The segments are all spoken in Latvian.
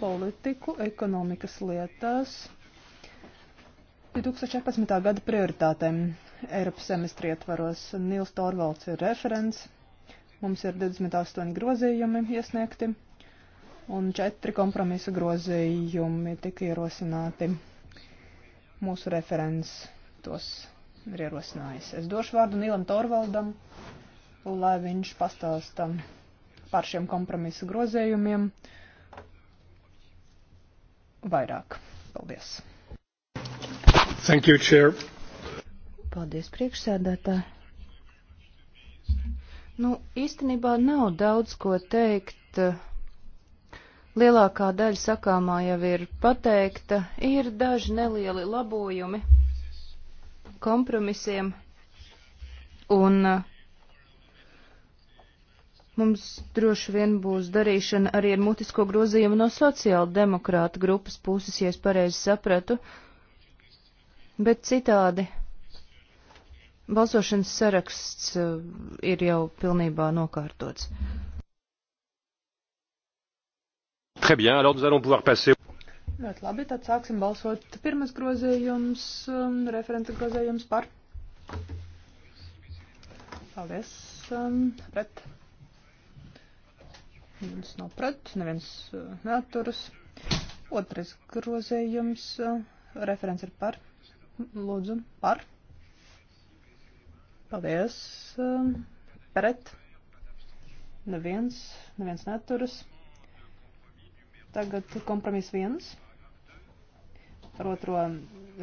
politiku ekonomikas lietās 2014. gada prioritātēm Eiropas semestri ietvaros. Nils Torvalds ir referents, mums ir 28 grozījumi iesniegti un 4 kompromisa grozījumi tika ierosināti. Mūsu referents tos ir ierosinājis. Es došu vārdu Nīlam Torvaldam, lai viņš pastāsta par šiem kompromisu grozējumiem vairāk. Paldies! Thank you, Chair. Paldies, priekšsēdētāji. Nu, īstenībā nav daudz ko teikt. Lielākā daļa sakāmā jau ir pateikta, ir daži nelieli labojumi kompromisiem, un uh, Mums droši vien būs darīšana arī ar mutisko grozījumu no sociāla demokrāta grupas puses, ja es pareizi sapratu, bet citādi. Balsošanas saraksts eh, ir jau pilnībā nokārtots. Très bien, alors nous allons pouvoir passer. Ļoti labi, tad sāksim balsot. Pirmas grozījums, um, referenta grozījums par. Paldies. Um, pret. Viens nav pret, neviens eh, neaturas. Otrais grozējums. Eh, referents ir par. Lūdzu, par. Paldies. Eh, pret. Neviens, neviens neaturas. Tagad kompromis viens. Par otro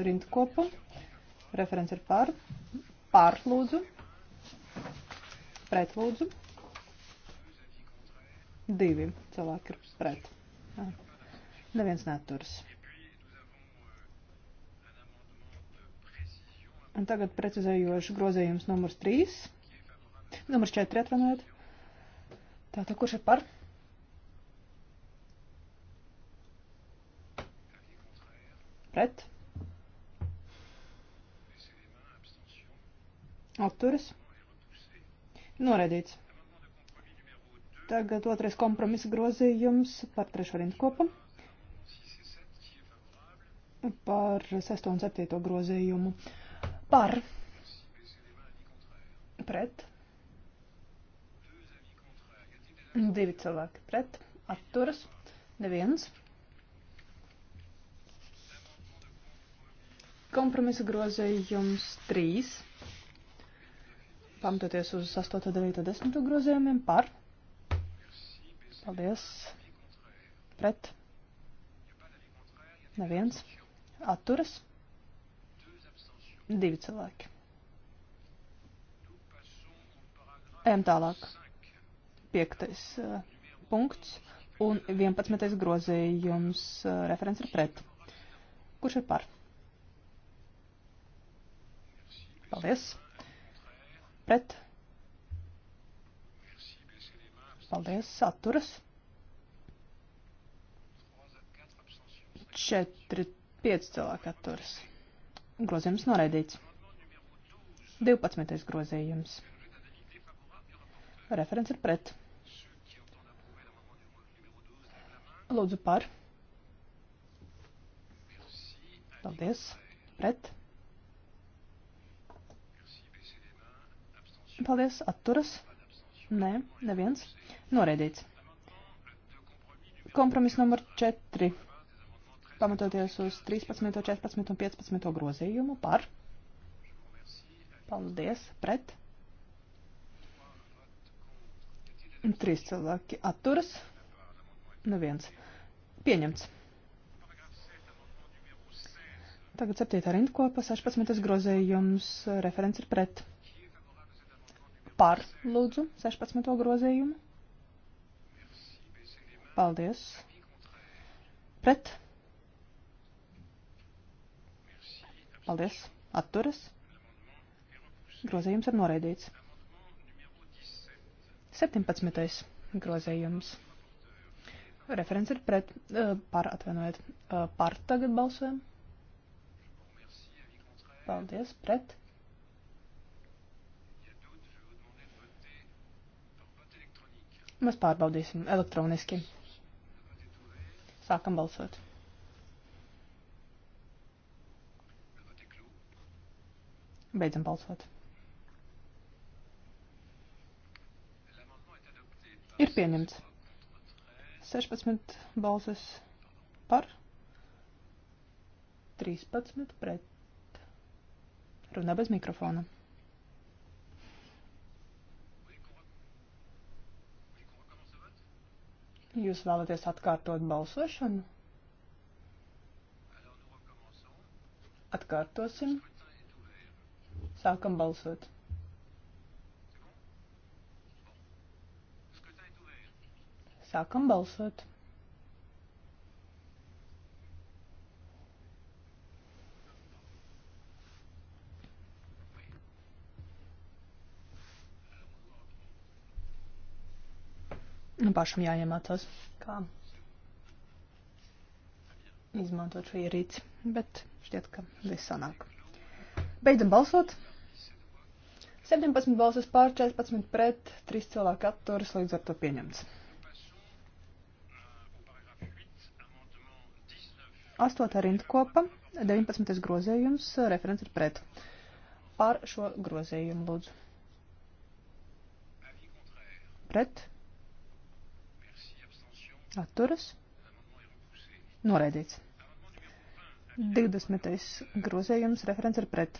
rindkopu. Referents ir par. Par, lūdzu. Pret, lūdzu. Divi cilvēki ir pret. Neviens neturas. Un tagad precizējošu grozījums numurs 3. Numurs 4 atvanēt. Tātad, kurš ir par? Pret. Atturas. Noredīts. Tagad otrais kompromisa grozījums par trešo rindkopu. Par sesto un septīto grozījumu. Par. Pret. Divi cilvēki pret. Atturas. Neviens. kompromisa grozījums 3, pamatoties uz 8, 9, 10 grozījumiem par Paldies. Pret. Neviens. Atturas. Divi cilvēki. Ejam tālāk. Piektais uh, punkts un 11. grozījums uh, referents ir pret. Kurš ir par? Paldies. Pret. Paldies, saturas. 4, 5 cilvēki atturas. Grozījums noraidīts. 12. grozījums. Referents ir pret. Lūdzu par. Paldies. Pret. Paldies. Atturas. Nē, neviens. Noreidīts. Kompromis numur 4. Pamatoties uz 13, 14 un 15 grozījumu par. Paldies. Pret. Trīs cilvēki atturas. Neviens. Pieņemts. Tagad 7. rindkopa 16 grozījums. Referents ir pret par lūdzu 16. grozījumu? Paldies. Pret? Paldies. Atturas. Grozījums ir noraidīts. 17. grozījums. Referents ir pret, par, atvainojiet, par tagad balsojam. Paldies, pret. Mēs pārbaudīsim elektroniski. Sākam balsot. Beidzam balsot. Ir pieņemts. 16 balses par, 13 pret. Runā bez mikrofona. Jūs vēlaties atkārtot balsošanu? Atkārtosim. Sākam balsot. Sākam balsot. Nu, pašam jāiemācās, kā izmantot šo ierīci, bet šķiet, ka viss sanāk. Beidzam balsot. 17 balsas pār 14 pret, 3 cilvēki atturas, līdz ar to pieņemts. 8. rindkopa, 19. grozējums, referents ir pret. Pār šo grozējumu lūdzu. Pret atturas, noraidīts. 20. grozējums referents ir pret.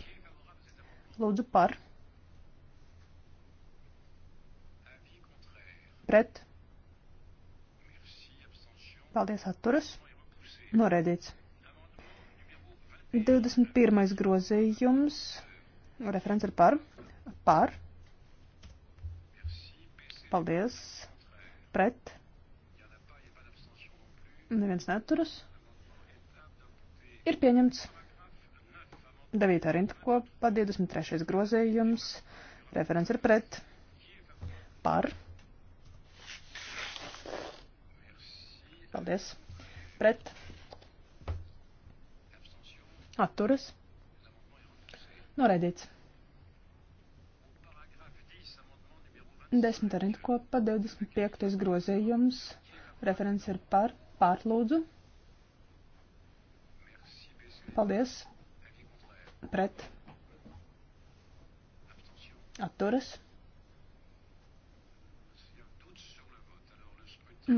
Lūdzu par. Pret. Paldies atturas. Noraidīts. 21. grozījums. Referents ir par. Par. Paldies. Pret. Neviens neturas. Ir pieņemts 9. rindkopā 23. grozījums. Referents ir pret. Par. Paldies. Pret. Atturas. Noraidīts. 10. rindkopā 25. grozījums. Referents ir par. Pārlūdzu. Paldies. Pret. Atturas.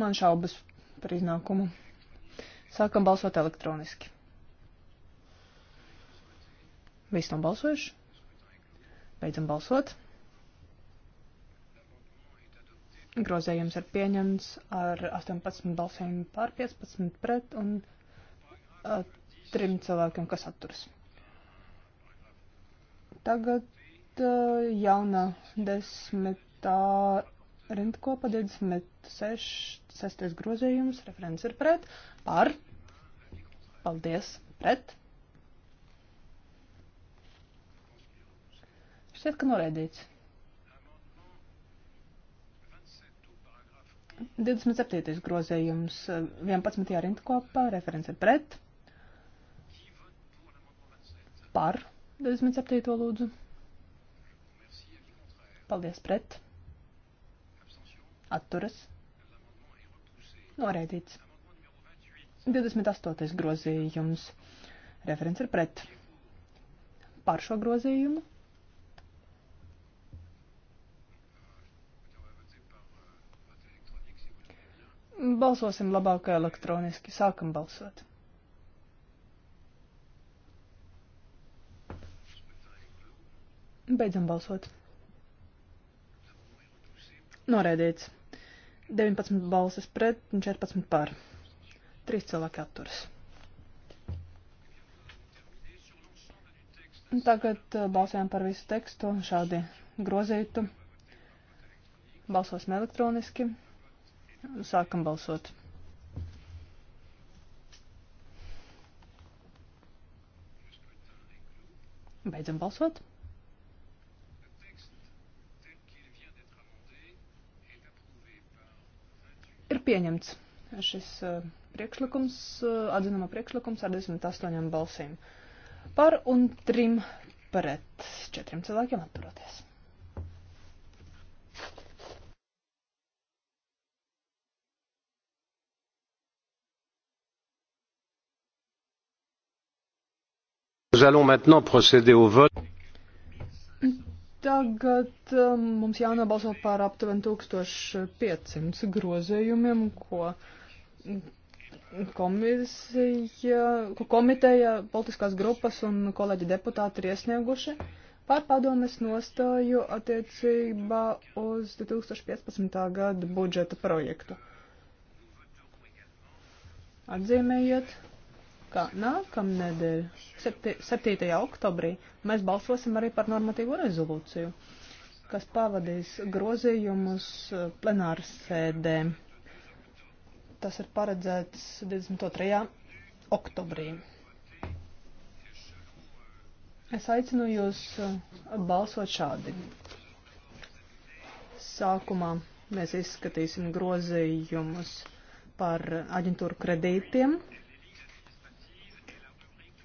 Man šaubas par iznākumu. Sākam balsot elektroniski. Viss nobalsojuši. Beidzam balsot. Grozējums ir pieņemts ar 18 balsīm pār 15 pret un uh, trim cilvēkiem, kas atturas. Tagad uh, jauna desmitā rindkopa, 26, 6 grozējums, referents ir pret, pār, paldies, pret. Šķiet, ka noraidīts. 27. grozējums 11. rindkopā, referents ir pret. Par 27. lūdzu. Paldies pret. Atturas. Noreidīts. 28. grozījums. Referents ir pret. Par šo grozījumu. Balsosim labāk elektroniski. Sākam balsot. Beidzam balsot. Norēdīts. 19 balsis pret un 14 pār. 3 cilvēki atturas. Tagad uh, balsojam par visu tekstu šādi grozītu. Balsosim elektroniski. Sākam balsot. Beidzam balsot. Ir pieņemts šis uh, priekšlikums, uh, atzinuma priekšlikums ar 28 balsīm par un trim pret četriem cilvēkiem atturoties. Nous allons maintenant procéder au vote. Tagad um, mums jānobalso par aptuveni 1500 grozējumiem, ko komisija, ko komiteja, politiskās grupas un kolēģi deputāti ir iesnieguši par padomes nostāju attiecībā uz 2015. gada budžeta projektu. Atzīmējiet ka nākamnedēļ, 7. oktobrī, mēs balsosim arī par normatīvo rezolūciju, kas pavadīs grozījumus eh, plenāras sēdē. Tas ir paredzēts 22. oktobrī. Es aicinu jūs eh, balsot šādi. Sākumā mēs izskatīsim grozījumus par aģentūru kredītiem,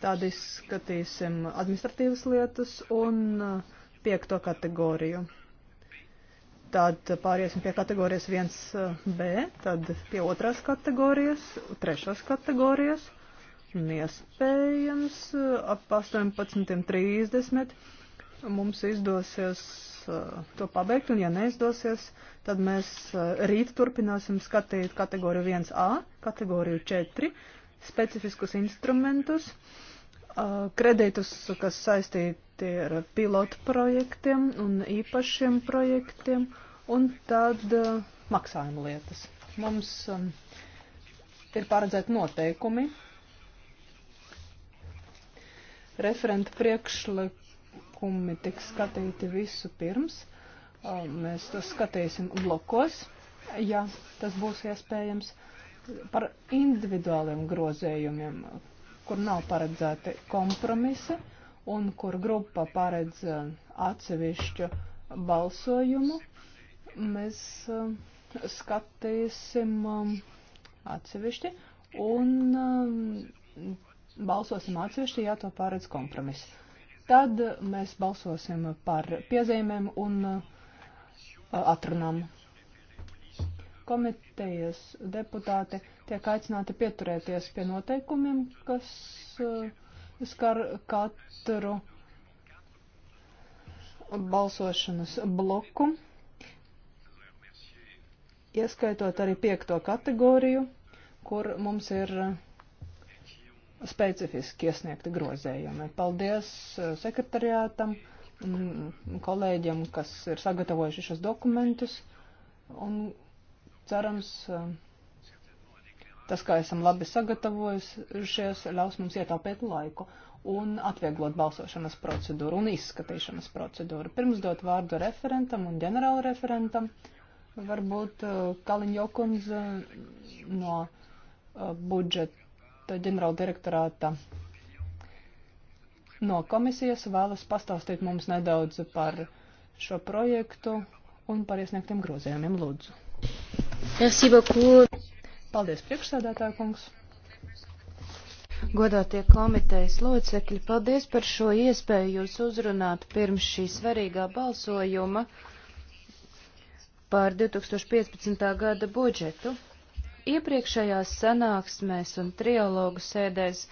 Tad izskatīsim administratīvas lietas un uh, piekto kategoriju. Tad pāriesim pie kategorijas 1B, uh, tad pie otrās kategorijas, trešās kategorijas un iespējams uh, ap 18.30 mums izdosies to pabeigt, un ja neizdosies, tad mēs rīt turpināsim skatīt kategoriju 1A, kategoriju 4 specifiskus instrumentus, kredītus, kas saistīti ar pilotu projektiem un īpašiem projektiem, un tad maksājuma lietas. Mums ir paredzēti noteikumi. Referenta priekšlikumi tiks skatīti visu pirms. Mēs to skatīsim blokos, ja tas būs iespējams. Uh, par individuāliem grozējumiem, kur nav paredzēti kompromisi un kur grupa paredz eh, atsevišķu balsojumu. Mēs eh, skatīsim eh, atsevišķi un balsosim atsevišķi, ja to paredz kompromis. Tad mēs balsosim par piezīmēm un atrunām komitejas deputāti tiek aicināti pieturēties pie noteikumiem, kas eh, skar katru balsošanas bloku, ieskaitot arī piekto kategoriju, kur mums ir specifiski iesniegti grozējumi. Paldies eh, sekretariātam, mm, kolēģiem, kas ir sagatavojuši šos dokumentus. Un Cerams, eh, tas, kā esam labi sagatavojušies, ļaus mums ietaupīt laiku un atvieglot balsošanas procedūru un izskatīšanas procedūru. Pirms dot vārdu referentam un ģenerāla referentam, varbūt eh, Kaliņokums eh, no budžeta ģenerāla direktorāta no komisijas vēlas pastāstīt mums nedaudz par šo projektu un par iesniegtiem grozījumiem lūdzu. Merci beaucoup. Paldies, priekšsēdētāja kungs. Godātie komitejas locekļi, paldies par šo iespēju jūs uzrunāt pirms šī svarīgā balsojuma par 2015. gada budžetu. Iepriekšējās sanāksmēs un trialogu sēdēs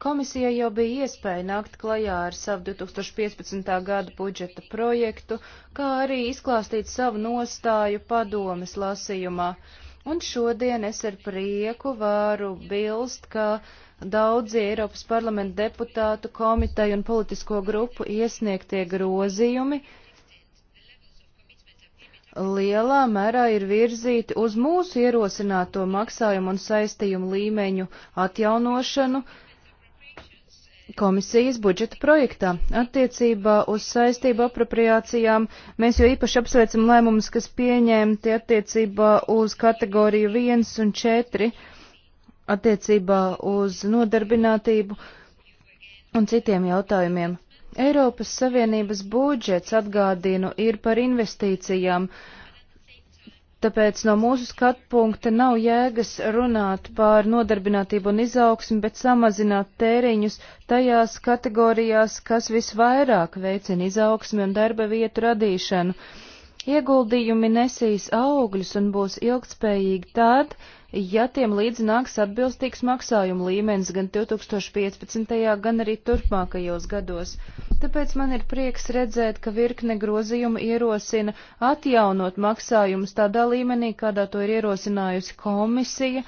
Komisijai jau bija iespēja nākt klajā ar savu 2015. gada budžeta projektu, kā arī izklāstīt savu nostāju padomes lasījumā. Un šodien es ar prieku varu bilst, ka daudzi Eiropas parlamenta deputātu komiteju un politisko grupu iesniegtie grozījumi lielā mērā ir virzīti uz mūsu ierosināto maksājumu un saistījumu līmeņu atjaunošanu, uh, komisijas budžeta projektā. Attiecībā uz saistību apropriācijām mēs jau īpaši apsveicam lēmumus, kas pieņemti attiecībā uz kategoriju 1 un 4, attiecībā uz nodarbinātību un citiem jautājumiem. Eiropas Savienības budžets, atgādinu, ir par investīcijām. Uh, Tāpēc no mūsu skatu punkta nav jēgas runāt par nodarbinātību un izaugsmi, bet samazināt tēriņus tajās kategorijās, kas visvairāk veicina izaugsmi un darba vietu radīšanu. Ieguldījumi nesīs augļus un būs ilgtspējīgi tad, ja tiem līdzi nāks atbilstīgs maksājuma līmenis gan 2015. gan arī turpmākajos gados. Tāpēc man ir prieks redzēt, ka virkne grozījumu ierosina atjaunot maksājumus tādā līmenī, kādā to ir ierosinājusi komisija,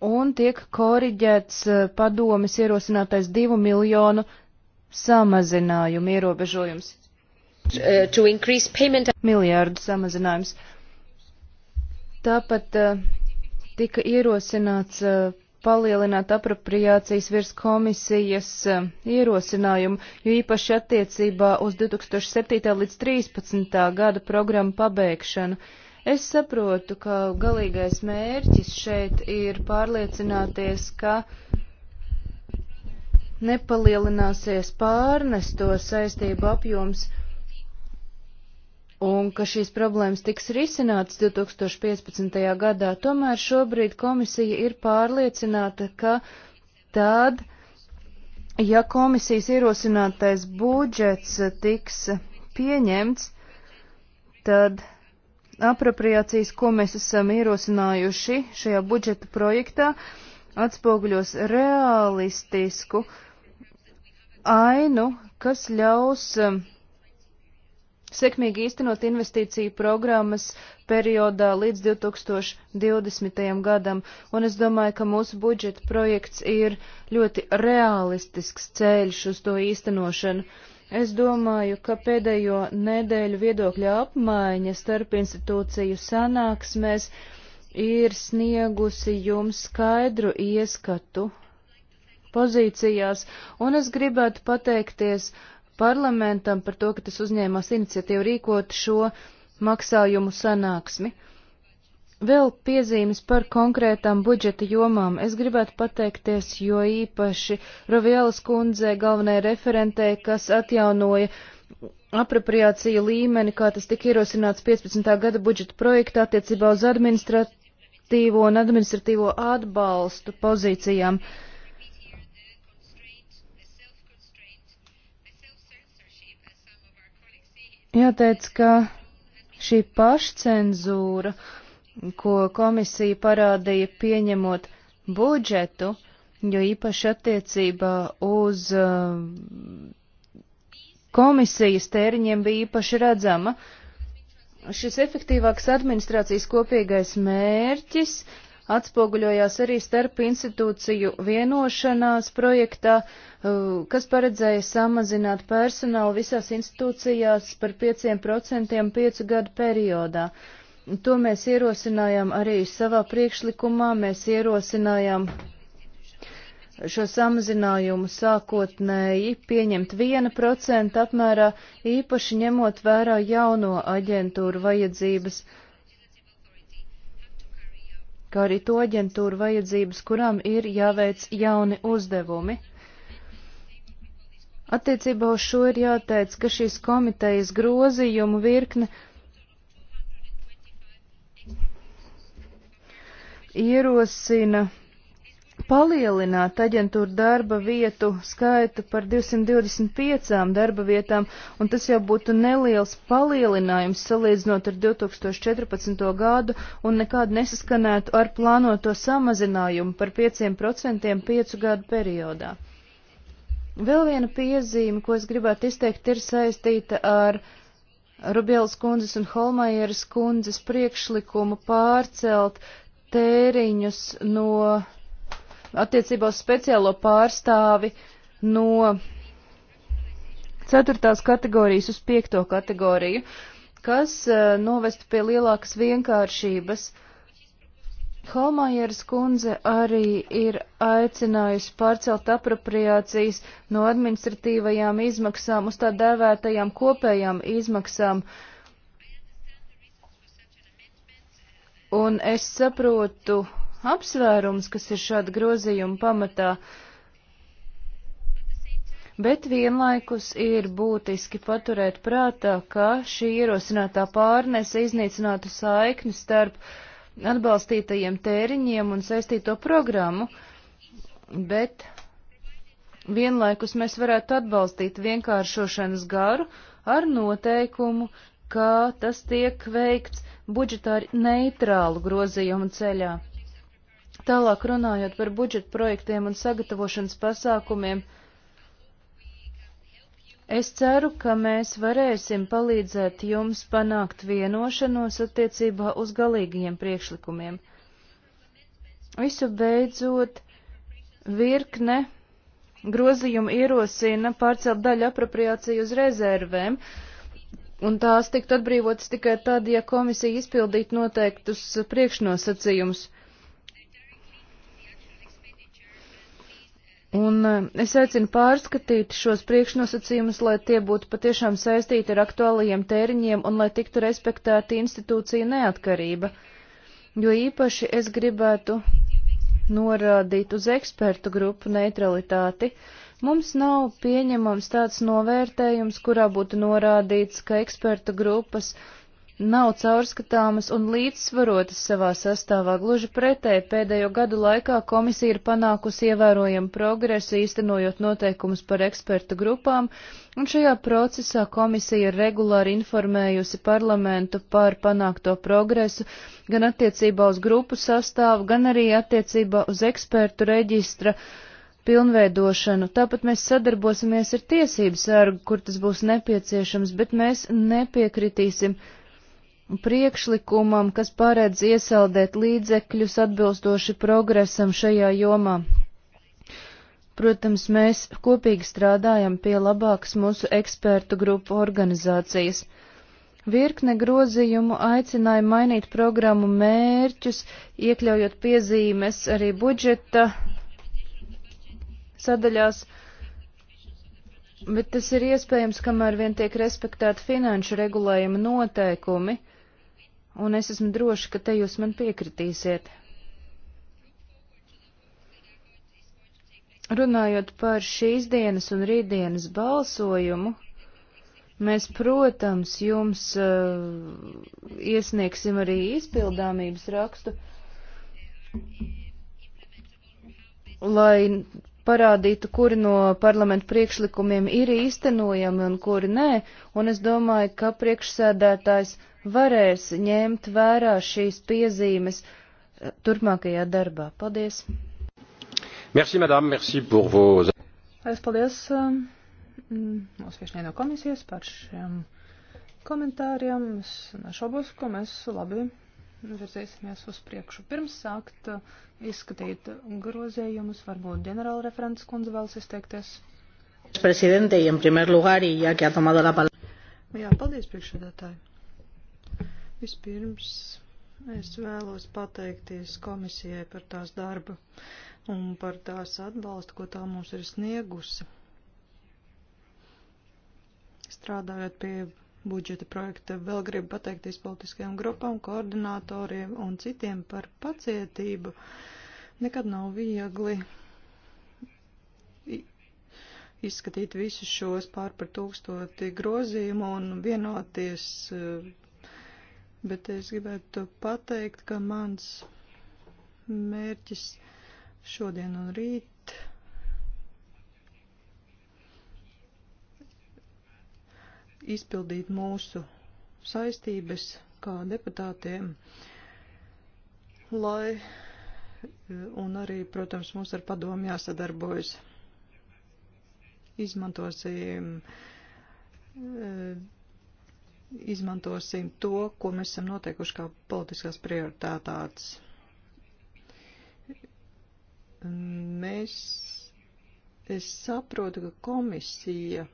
un tiek koriģēts eh, padomis ierosinātais divu miljonu samazinājumu ierobežojums. Eh, Miljārdu samazinājums. Tāpat uh, tika ierosināts uh, palielināt apropriācijas virs komisijas uh, ierosinājumu, jo īpaši attiecībā uz 2007. līdz 2013. gada programmu pabeigšanu. Es saprotu, ka galīgais mērķis šeit ir pārliecināties, ka nepalielināsies pārnesto saistību apjoms un ka šīs problēmas tiks risinātas 2015. gadā, tomēr šobrīd komisija ir pārliecināta, ka tad, ja komisijas ierosinātais budžets tiks pieņemts, tad apropriācijas, ko mēs esam ierosinājuši šajā budžeta projektā, atspoguļos realistisku ainu, kas ļaus uh, sekmīgi īstenot investīciju programmas periodā līdz 2020. gadam, un es domāju, ka mūsu budžeta projekts ir ļoti realistisks ceļš uz to īstenošanu. Es domāju, ka pēdējo nedēļu viedokļa apmaiņa starp institūciju sanāksmēs ir sniegusi jums skaidru ieskatu pozīcijās, un es gribētu pateikties uh, parlamentam par to, ka tas uzņēmās iniciatīvu rīkot šo maksājumu sanāksmi. Vēl piezīmes par konkrētām budžeta jomām. Es gribētu pateikties, jo īpaši Rovielas kundzei galvenajai referentei, kas atjaunoja apropriāciju līmeni, kā tas tika ierosināts 15. gada budžeta projektā attiecībā uz administratīvo un administratīvo atbalstu pozīcijām. Uh, Jāteic, ka šī pašcenzūra, ko komisija parādīja pieņemot budžetu, jo īpaši attiecībā uz uh, komisijas tēriņiem bija īpaši redzama. Šis efektīvāks administrācijas kopīgais mērķis atspoguļojās arī starp institūciju vienošanās projektā, uh, kas paredzēja samazināt personālu visās institūcijās par 5% piecu gadu periodā. To mēs ierosinājām arī savā priekšlikumā, mēs ierosinājām šo samazinājumu sākotnēji pieņemt 1% apmērā, īpaši ņemot vērā jauno aģentūru vajadzības. Uh, kā arī to aģentūru vajadzības, kurām ir jāveic jauni uzdevumi. Attiecībā uz šo ir jāteic, ka šīs komitejas grozījumu virkne ierosina palielināt aģentūra darba vietu skaitu par 225 darba vietām, un tas jau būtu neliels palielinājums salīdzinot ar 2014. gadu un nekādu nesaskanētu ar plānoto samazinājumu par 5% piecu gadu periodā. Vēl viena piezīme, ko es gribētu izteikt, ir saistīta ar Rubielas kundzes un Holmajeras kundzes priekšlikumu pārcelt tēriņus no attiecībā uz speciālo pārstāvi no ceturtās kategorijas uz piekto kategoriju, kas uh, novestu pie lielākas vienkāršības. Holmajeras kundze arī ir aicinājusi pārcelt apropriācijas no administratīvajām izmaksām uz tā dēvētajām kopējām izmaksām. Un es saprotu apsvērums, kas ir šāda grozījuma pamatā, bet vienlaikus ir būtiski paturēt prātā, ka šī ierosinātā pārnese iznīcinātu saikni starp atbalstītajiem tēriņiem un saistīto programmu, bet vienlaikus mēs varētu atbalstīt vienkāršošanas garu ar noteikumu, ka tas tiek veikts budžetāri neitrālu grozījumu ceļā. Tālāk runājot par budžeta projektiem un sagatavošanas pasākumiem, es ceru, ka mēs varēsim palīdzēt jums panākt vienošanos attiecībā uz galīgajiem priekšlikumiem. Visu beidzot, virkne grozījumu ierosina pārcelt daļu apropriāciju uz rezervēm, un tās tiktu atbrīvotas tikai tad, ja komisija izpildītu noteiktus priekšnosacījumus. Un eh, es aicinu pārskatīt šos priekšnosacījumus, lai tie būtu patiešām saistīti ar aktuālajiem tēriņiem un lai tiktu respektēta institūcija neatkarība. Jo īpaši es gribētu norādīt uz ekspertu grupu neutralitāti. Mums nav pieņemams tāds novērtējums, kurā būtu norādīts, ka ekspertu grupas nav caurskatāmas un līdzsvarotas savā sastāvā. Gluži pretēji pēdējo gadu laikā komisija ir panākusi ievērojamu progresu, īstenojot noteikumus par ekspertu grupām, un šajā procesā komisija ir regulāri informējusi parlamentu par panākto progresu gan attiecībā uz grupu sastāvu, gan arī attiecībā uz ekspertu reģistra pilnveidošanu. Tāpat mēs sadarbosimies ar tiesību sārgu, kur tas būs nepieciešams, bet mēs nepiekritīsim priekšlikumam, kas paredz iesaldēt līdzekļus atbilstoši progresam šajā jomā. Protams, mēs kopīgi strādājam pie labākas mūsu ekspertu grupu organizācijas. Virkne grozījumu aicināja mainīt programmu mērķus, iekļaujot piezīmes arī budžeta sadaļās, bet tas ir iespējams, kamēr vien tiek respektēti finanšu regulējuma noteikumi un es esmu droši, ka te jūs man piekritīsiet. Runājot par šīs dienas un rītdienas balsojumu, mēs, protams, jums uh, iesniegsim arī izpildāmības rakstu, lai parādītu, kuri no parlamenta priekšlikumiem ir īstenojami un kuri nē, un es domāju, ka priekšsēdētājs varēs ņemt vērā šīs piezīmes eh, turpmākajā darbā. Paldies! Merci, madame, merci pour vos... Es paldies mūsu um, mm, viešņai no komisijas par šiem komentāriem. Es nešaubos, ka mēs labi virzīsimies uz priekšu. Pirms sākt uh, izskatīt grozējumus, varbūt ģenerāla referents kundze vēlas izteikties. Presidente, y en primer lugar, y ya que ha tomado la palabra. Jā, paldies, priekšsēdētāji. Vispirms es vēlos pateikties komisijai par tās darbu un par tās atbalstu, ko tā mums ir sniegusi. Strādājot pie budžeta projekta. Vēl gribu pateikties politiskajām grupām, koordinatoriem un citiem par pacietību. Nekad nav viegli izskatīt visus šos pār par tūkstoti grozījumu un vienoties, eh, bet es gribētu pateikt, ka mans mērķis šodien un rīt izpildīt mūsu saistības kā deputātiem, lai un arī, protams, mums ar padomu jāsadarbojas. Izmantosim, eh, izmantosim to, ko mēs esam noteikuši kā politiskās prioritātātes. Mēs, es saprotu, ka komisija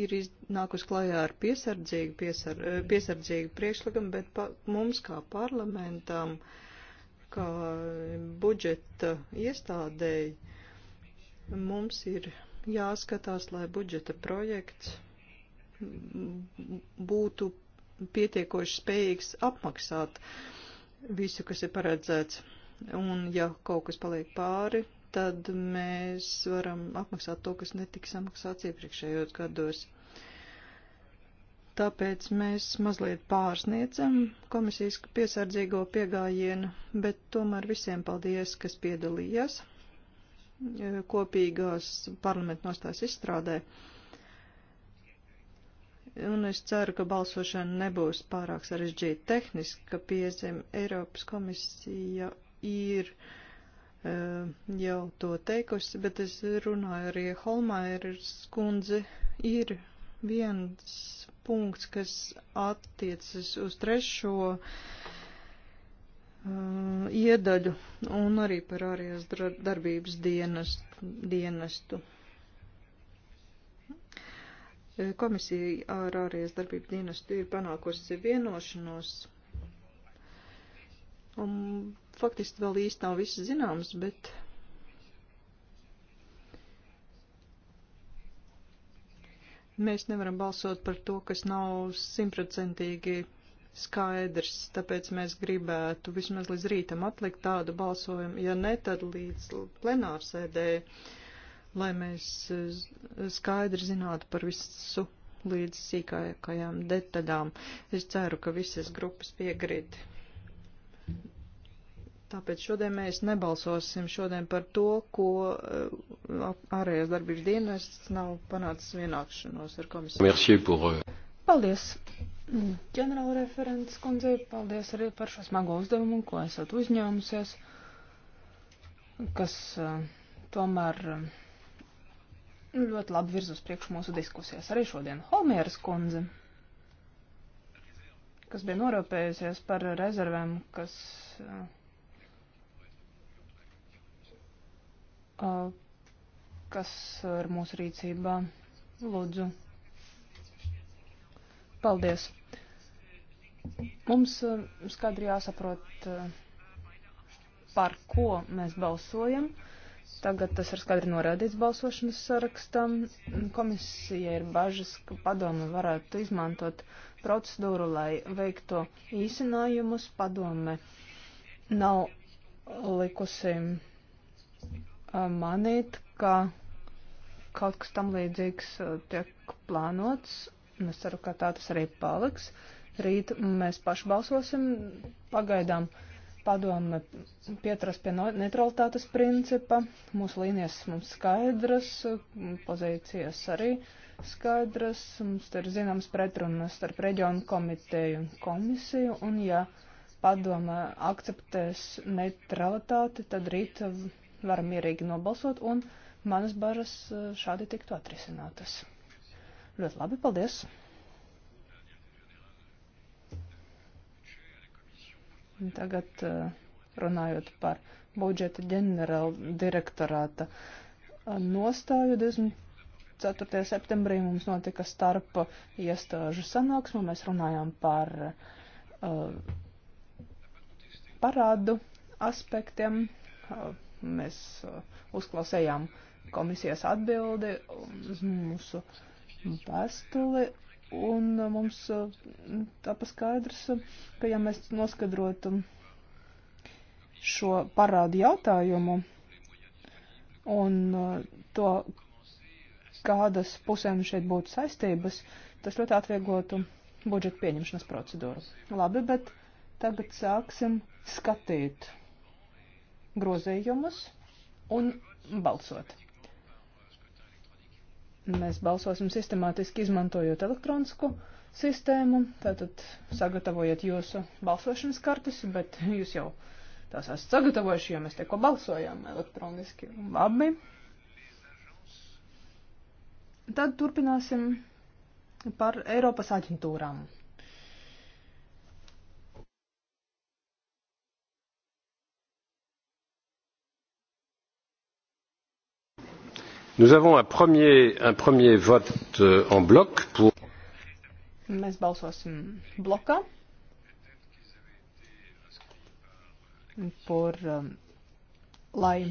ir iznākus klajā ar piesardzīgu, piesar, eh, piesardzīgu priekšlikumu, bet pa, mums kā parlamentam, kā budžeta iestādēji, mums ir jāskatās, lai budžeta projekts būtu pietiekoši spējīgs apmaksāt visu, kas ir paredzēts. Un ja kaut kas paliek pāri, tad mēs varam apmaksāt to, kas netika samaksāts iepriekšējos gados. Tāpēc mēs mazliet pārsniedzam komisijas piesardzīgo piegājienu, bet tomēr visiem paldies, kas piedalījās e, kopīgās parlamentu nostājas izstrādē. Un es ceru, ka balsošana nebūs pārāk sarežģīta tehniski, ka piezīme Eiropas komisija ir uh, Eh, jau to teikusi, bet es runāju arī Holmairas kundze, ir viens punkts, kas attiecas uz trešo eh, iedaļu un arī par ārējās darbības dienas, dienestu. Eh, komisija ar ārējās darbības dienestu ir panākusi vienošanos. Un faktiski vēl īsti nav viss zināms, bet mēs nevaram balsot par to, kas nav simtprocentīgi skaidrs, tāpēc mēs gribētu vismaz līdz rītam atlikt tādu balsojumu, ja ne tad līdz plenārsēdē, lai mēs eh, skaidri zinātu par visu līdz sīkākajām detaļām. Es ceru, ka visas grupas piegrīt Tāpēc šodien mēs nebalsosim šodien par to, ko eh, ārējās darbības dienas nav panācis vienākšanos ar komisiju. Euh, paldies, mm, ģenerāla referents kundze, paldies arī par šo smago uzdevumu, ko esat uzņēmusies, kas eh, tomēr eh, ļoti labi virz uz priekšu mūsu diskusijas arī šodien. Holmieras kundze, kas bija norūpējusies par rezervēm, kas. Uh, kas ir mūsu rīcībā. Lūdzu. Paldies. Mums skaidri jāsaprot, par ko mēs balsojam. Tagad tas ir skaidri norādīts balsošanas sarakstam. Komisija ir bažas, ka padome varētu izmantot procedūru, lai veikto īsinājumus. Padome nav likusi Uh, manīt, ka kaut kas tam līdzīgs uh, tiek plānots. Es ceru, ka tā tas arī paliks. Rīt mēs paši balsosim. Pagaidām padome pieturas pie neutralitātes principa. Mūsu līnijas mums skaidras, pozīcijas arī skaidras. Mums ir zināms pretrunas starp reģionu komiteju un komisiju. Un ja padome akceptēs neutralitāti, tad rīt varam mierīgi nobalsot, un manas bažas e, šādi tiktu atrisinātas. Ļoti labi, paldies! Tagad e, runājot par budžeta ģenerāla direktorāta e, nostāju 24. septembrī mums notika starp iestāžu sanāksme, mēs runājām par uh, parādu aspektiem, uh, Mēs uh, uzklausējām komisijas atbildi uz mūsu vēstuli, un uh, mums uh, tāpa skaidrs, ka ja mēs noskadrotu šo parādu jautājumu un to, kādas pusēm šeit būtu saistības, tas ļoti atvieglotu budžeta pieņemšanas procedūru. Labi, bet tagad sāksim skatīt grozējumus un balsot. Mēs balsosim sistemātiski izmantojot elektronisku sistēmu, tātad sagatavojiet jūsu balsošanas kartes, bet jūs jau tās esat sagatavojuši, jo mēs tikko balsojām elektroniski. Labi. Tad turpināsim par Eiropas aģentūrām. Nous avons un premier, un premier vote euh, en bloc pour. Mēs balsosim blokā par, um, lai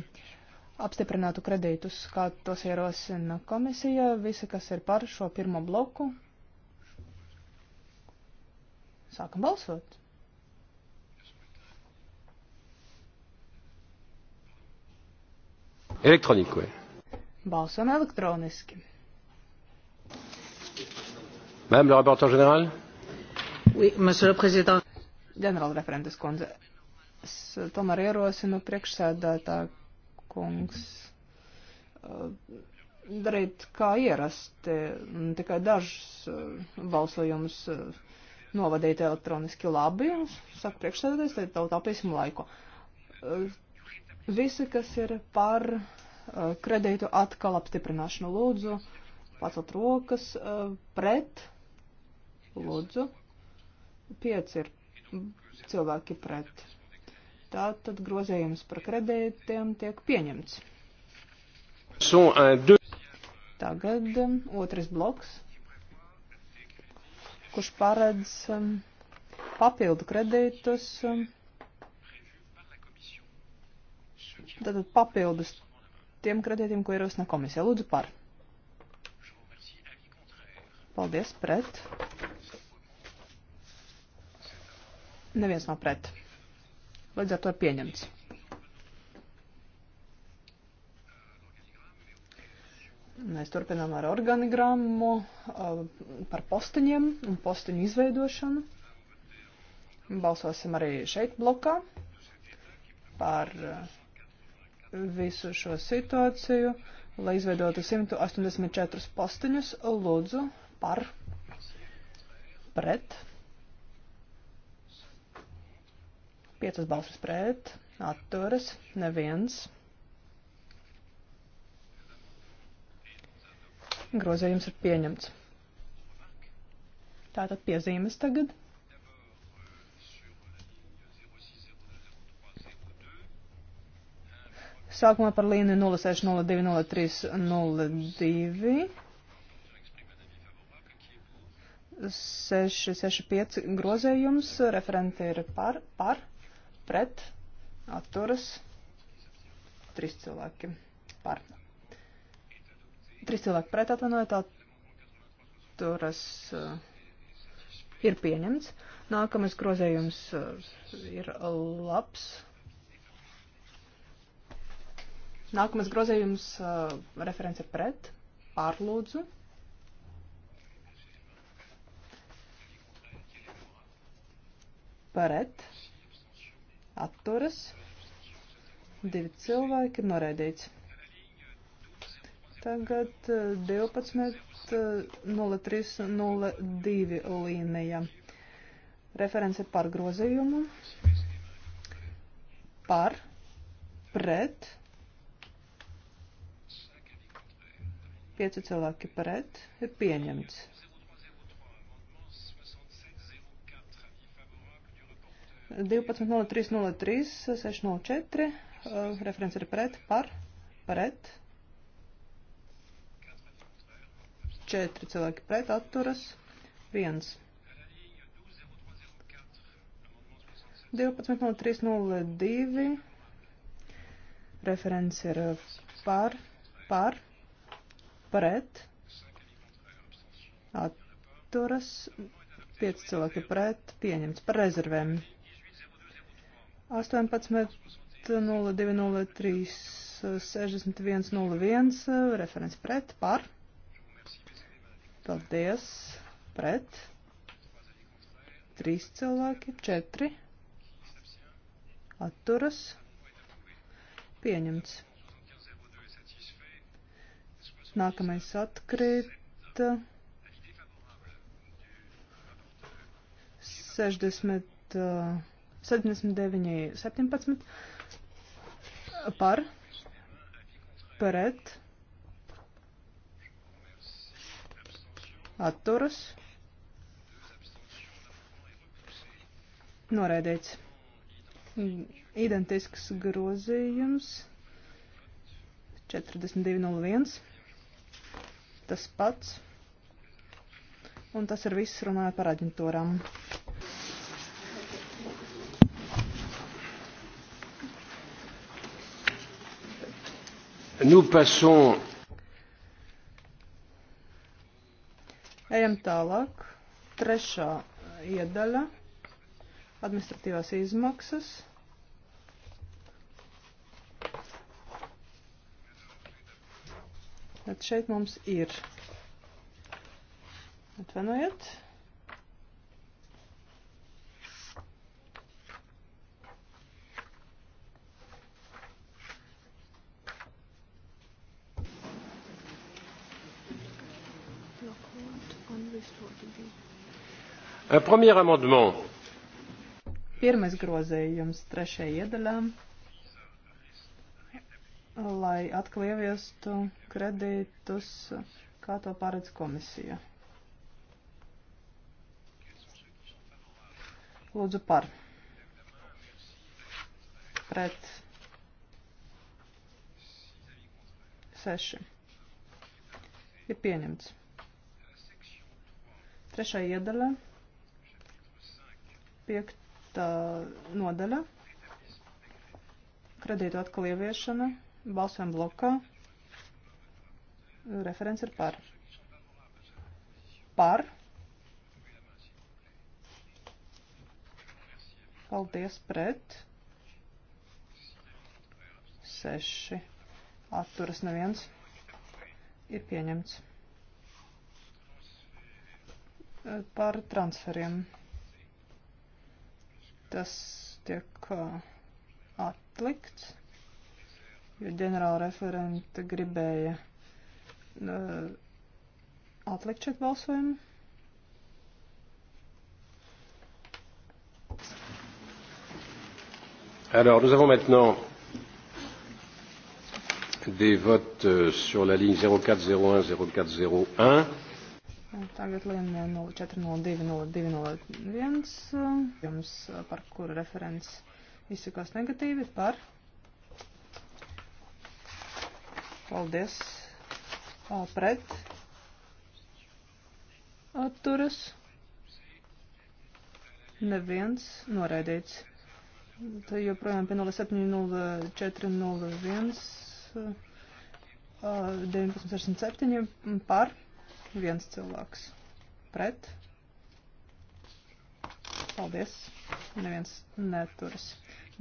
apstiprinātu kredītus, kā tos ierosina komisija, visi, kas ir par šo pirmo bloku. Sākam balsot. Elektroniku. Ja. Balsojam elektroniski. Madame le rapporteur général. Oui, monsieur le président. Ģenerāla referentes kundze. Es tomēr ierosinu priekšsēdētā kungs uh, darīt kā ierasti, tikai dažus uh, balsojumus uh, novadīt elektroniski labi, saka priekšsēdētājs, tad tautā piesim laiku. Visi, kas ir par Eh, kredītu atkal apstiprināšanu. Lūdzu, pacelt rokas eh, pret. Lūdzu, pieci ir cilvēki pret. Tātad grozējums par kredītiem tiek pieņemts. Tagad eh, otrs bloks, kurš paredz papildu kredītus. Tātad papildus tiem kredītiem, ko ierosina komisija. Lūdzu par. Paldies pret. Neviens nav pret. Līdz ar to ir pieņemts. Mēs turpinām ar organigrammu par postiņiem un postiņu izveidošanu. Balsosim arī šeit blokā par uh, visu šo situāciju, lai izveidotu 184 postiņus. Lūdzu, par, pret, 5 balsis pret, atturas, neviens. Grozījums ir pieņemts. Tātad piezīmes tagad. Sākumā par līniju 0602-0302. 665 grozējums, referenti ir par, par, pret, atturas, trīs cilvēki par. Trīs cilvēki pret atvainojiet, atturas uh, ir pieņemts. Nākamais grozējums uh, ir labs. Nākamais grozījums uh, referents ir pret, pārlūdzu. Pret, atturas, divi cilvēki, noraidīts. Tagad 12.03.02 uh, uh, līnija. Referents ir par grozījumu. Par, pret, Pieci cilvēki pret ir pieņemts. 12.03.03, 6.04, uh, referents ir pret, par, pret, 4 cilvēki pret, atturas, 1. 12.03.02, referents ir eh, par, par, pret, atturas, 5 cilvēki pret, pieņemts par rezervēm. 18.02.03, 61.01, nu, nu, nu, referents pret, par. Paldies, pret. 3 cilvēki, 4. Atturas, pieņemts. Nākamais atkrīt. 60, 79, 17 par, pret, atturas, noraidīts. Identisks grozījums 4201 tas pats. Un tas ir viss runājot par aģentūrām. Nous passons. Ejam tālāk. Trešā iedaļa - administratīvās izmaksas. Tad šeit mums ir. Atvainojiet. Un premier amendement. Pirmais grozījums trešajai iedaļām lai atkal ieviestu kredītus, kā to paredz komisija. Lūdzu par. Pret. Seši. Ir pieņemts. Trešā iedaļa. Piekta nodaļa. Kredītu atkal ieviešana. Balsojam blokā. Referents ir par. Par. Paldies pret. Seši. Atturas neviens. Ir pieņemts. Par transferiem. Tas tiek uh, atlikts jo ģenerāla referenta gribēja uh, atlikt šeit balsojumu. Alors, nous avons maintenant des votes euh, sur la ligne 0401 0401. Tagad līnija 0402-0201, jums par kuru referents izsakās negatīvi, par Paldies. Pret. Atturas. Neviens noraidīts. Tā joprojām pie 070401 1967 par viens cilvēks. Pret. Paldies. Neviens neturas.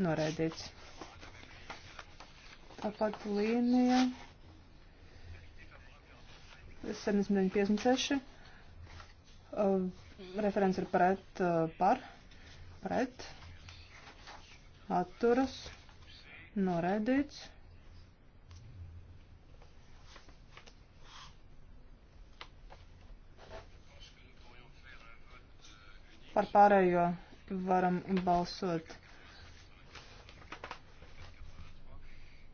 Noraidīts. Tāpat līnija 79,56. Uh, referents ir pret, uh, par, pret, atturas, noraidīts. Par pārējo varam balsot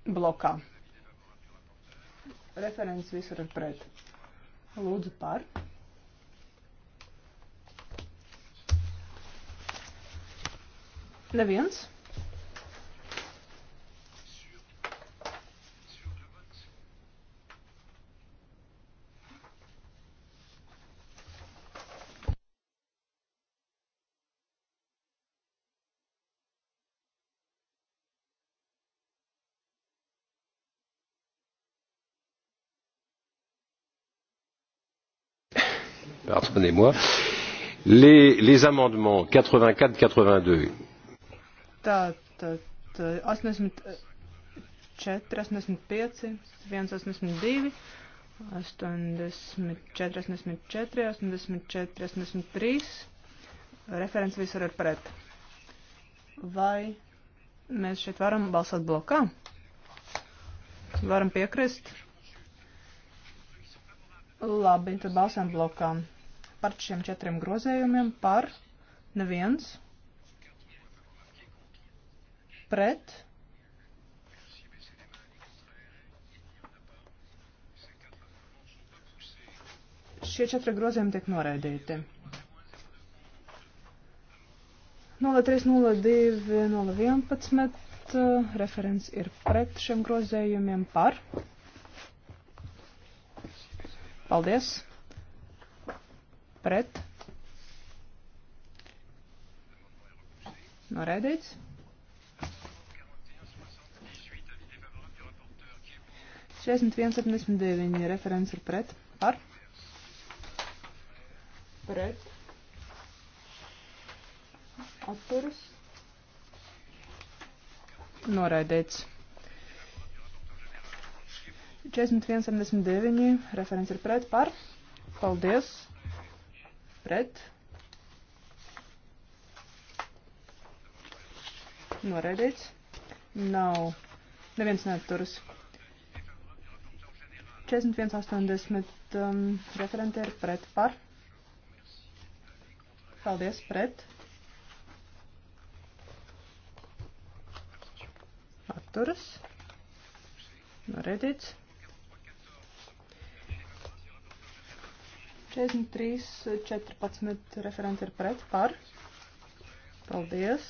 blokā. Referents visur ir pret. Lūdzu par. Neviens. pardonnez moi les, les amendements quatre vingt quatre quatre vingt deux Tātad 84, 85, 182, 84, 84, 84, 83. Referents visur ir pret. Vai mēs šeit varam balsot blokā? Varam piekrist? Labi, tad balsām blokām par šiem četriem grozējumiem par neviens pret šie četri grozījumi tiek noraidīti. 03, 02, 011 referents ir pret šiem grozējumiem par. Paldies! pret noraidīts. 61,79 referents ir pret. Par? Pret. Atturas. Noraidīts. 41,79 referents ir pret. Par? Paldies pret, noraidīts, nav, neviens neaturas. 41,80 um, referenti ir pret par. Paldies, pret. Atturas. Noraidīts. 43, 14 referenti ir pret, par. Paldies.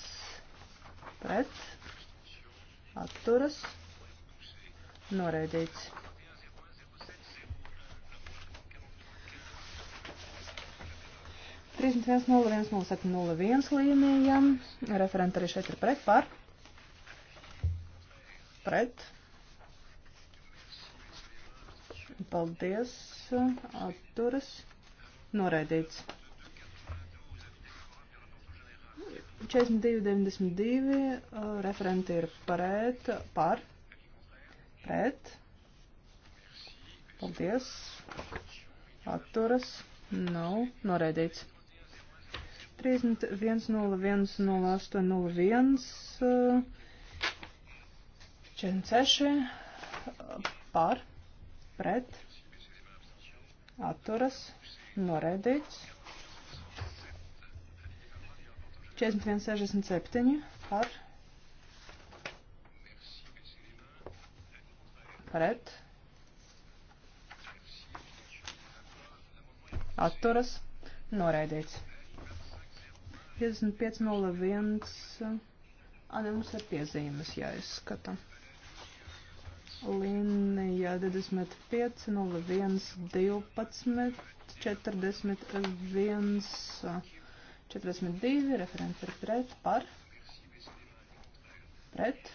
Pret. Atturas. Noreidīts. Trīsdesmit viens, nulle viens, nulle septiņi, nulle viens līnijam. Referenti arī šeit ir pret, par. Pret. Paldies. Atturas noraidīts. 42,92 uh, referenti ir parēt, par, pret, paldies, atturas, nav, no, noraidīts. 31,01,08,01, uh, 46, uh, par, pret, atturas, Noraidīts. 41,67 par pret atturas noraidīts. 55,01 Ane mums ir piezīmes jāizskata. Ja līnijā 25.01.12.41.42 referents ir pret par pret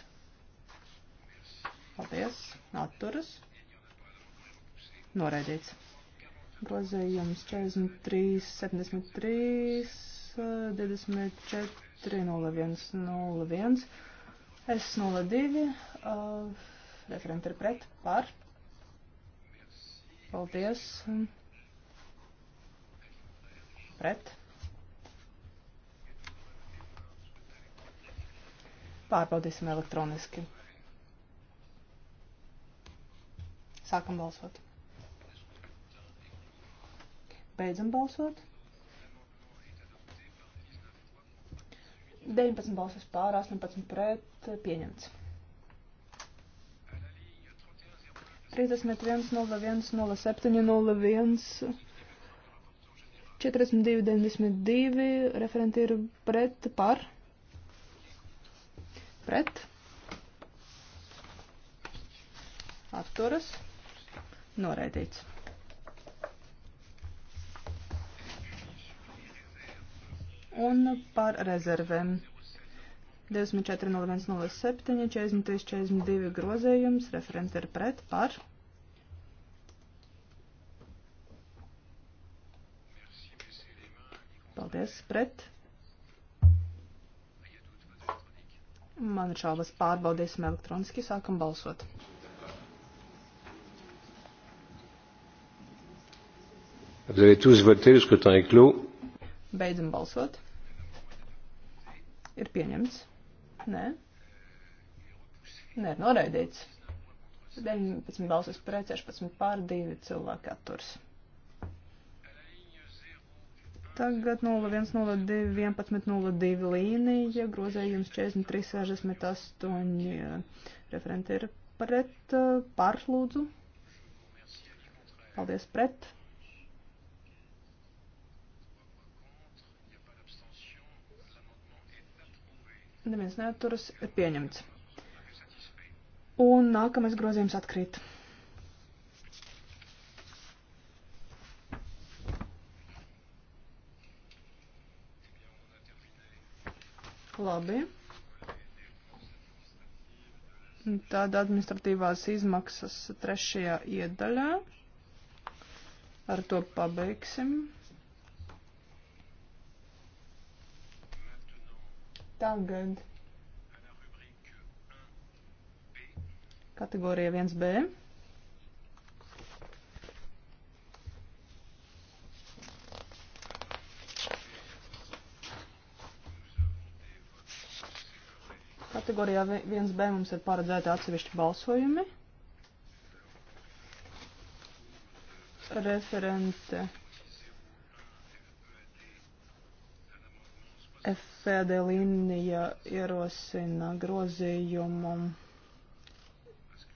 paldies atturas noraidīts grozējums 43.73 24.01.01 S02 uh, Referenti ir pret, pār. Paldies. Pret. Pārbaudīsim elektroniski. Sākam balsot. Beidzam balsot. 19 balsas pār, 18 pret, pieņemts. 31, 01, 07, 01, 42, 92, referenti ir pret, par, pret, atturas, noraidīts. Un par rezervēm. 24.01.07, 43.42 grozējums, referents ir pret, par. Paldies, pret. Man ir šaubas, pārbaudīsim elektroniski, sākam balsot. Vous avez tous voté, le scrutin est clos. Beidzam balsot. Ir pieņemts. Nē. Nē, noraidīts. 19 balsis pret 16 pār 2 cilvēki atturs. Tagad 0102 1102 līnija, grozējums 4368. Referenti ir pret, pārslūdzu. Paldies pret. neviens neaturas, ir pieņemts. Un nākamais grozījums atkrīt. Labi. Tāda administratīvās izmaksas trešajā iedaļā. Ar to pabeigsim. Tagad kategorija 1B. Kategorijā 1B mums ir paredzēti atsevišķi balsojumi. Referente FED līnija ierosina grozījumu,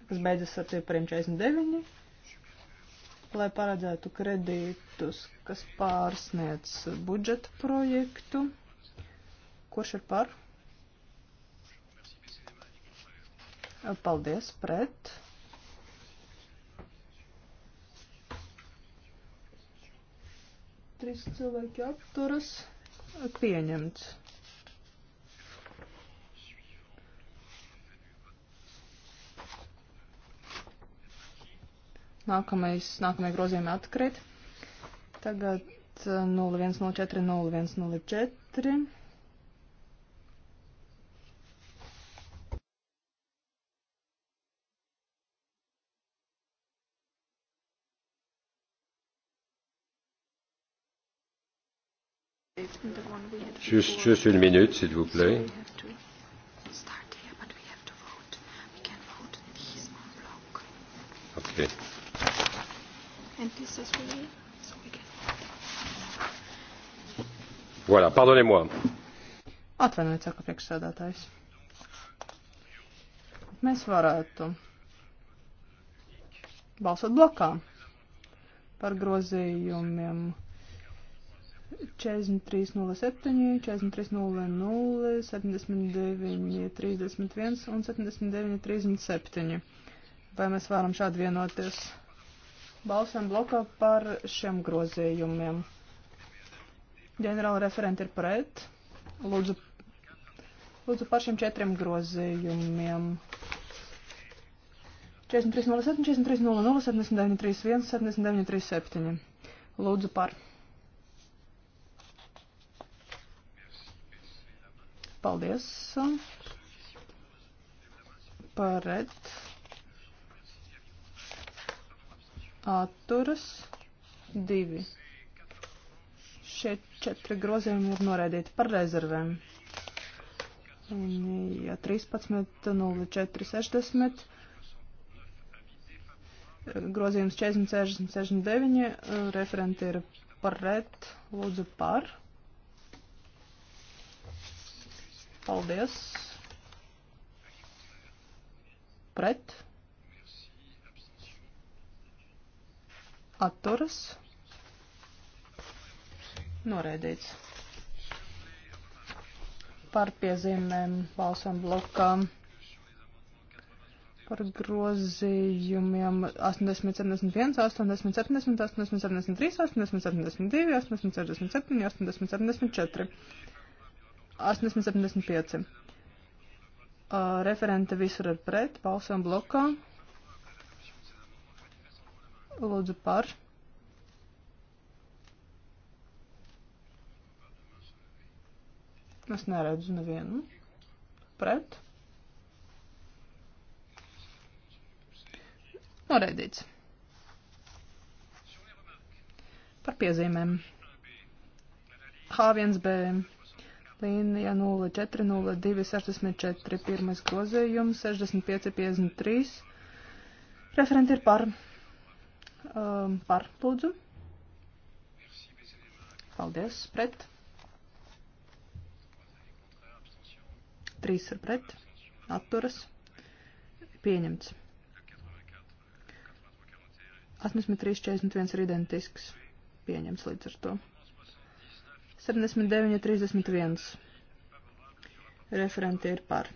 kas beidzas ar cipriem 49, lai paredzētu kredītus, kas pārsniec budžeta projektu. Kurš ir par? Paldies, pret. Trīs cilvēki apturas pieņemts. Nākamais, nākamajā grozījumā atkrīt. Tagad 0104, eh, 0104. Just, just une minute, s'il vous plaît. Okay. And this is really, so we can... Voilà, pardonnez-moi. Atvainojiet, saka priekšsēdētājs. Mēs varētu balsot blakā par grozījumiem 4307, 4300, 79, 31 un 79, 37. Vai mēs varam šādi vienoties? Balsam blokā par šiem grozījumiem. Ģenerāla referenti ir pret. Lūdzu, lūdzu par šiem četriem grozījumiem. 4307, 4300, 7931, 7937. Lūdzu par. Paldies um, paredz, atturas, divi. Šie četri grozījumi ir noraidīti par rezervēm. Un, ja 13, 04, 60, grozījums 40, 60, 69, referenti ir paret, lūdzu par. Paldies. Pret. Atturas. Noraidīts. Par piezīmēm balsam blokām par grozījumiem 80, 71, 80, 70, 80, 73, 80, 72, 80, 77, 80, 74. 80-75. Uh, referente visur ir pret, balsojam blokā. Lūdzu par. Es neredzu nevienu. Pret. Noraidīts. Par piezīmēm. H1B līnija 040264, pirmais grozījums 6553. Referenti ir par. Um, par, lūdzu. Paldies, pret. Trīs ir pret. Atturas. Pieņemts. 83.41 ir identisks. Pieņems līdz ar to. 79,31. Referenti ir par.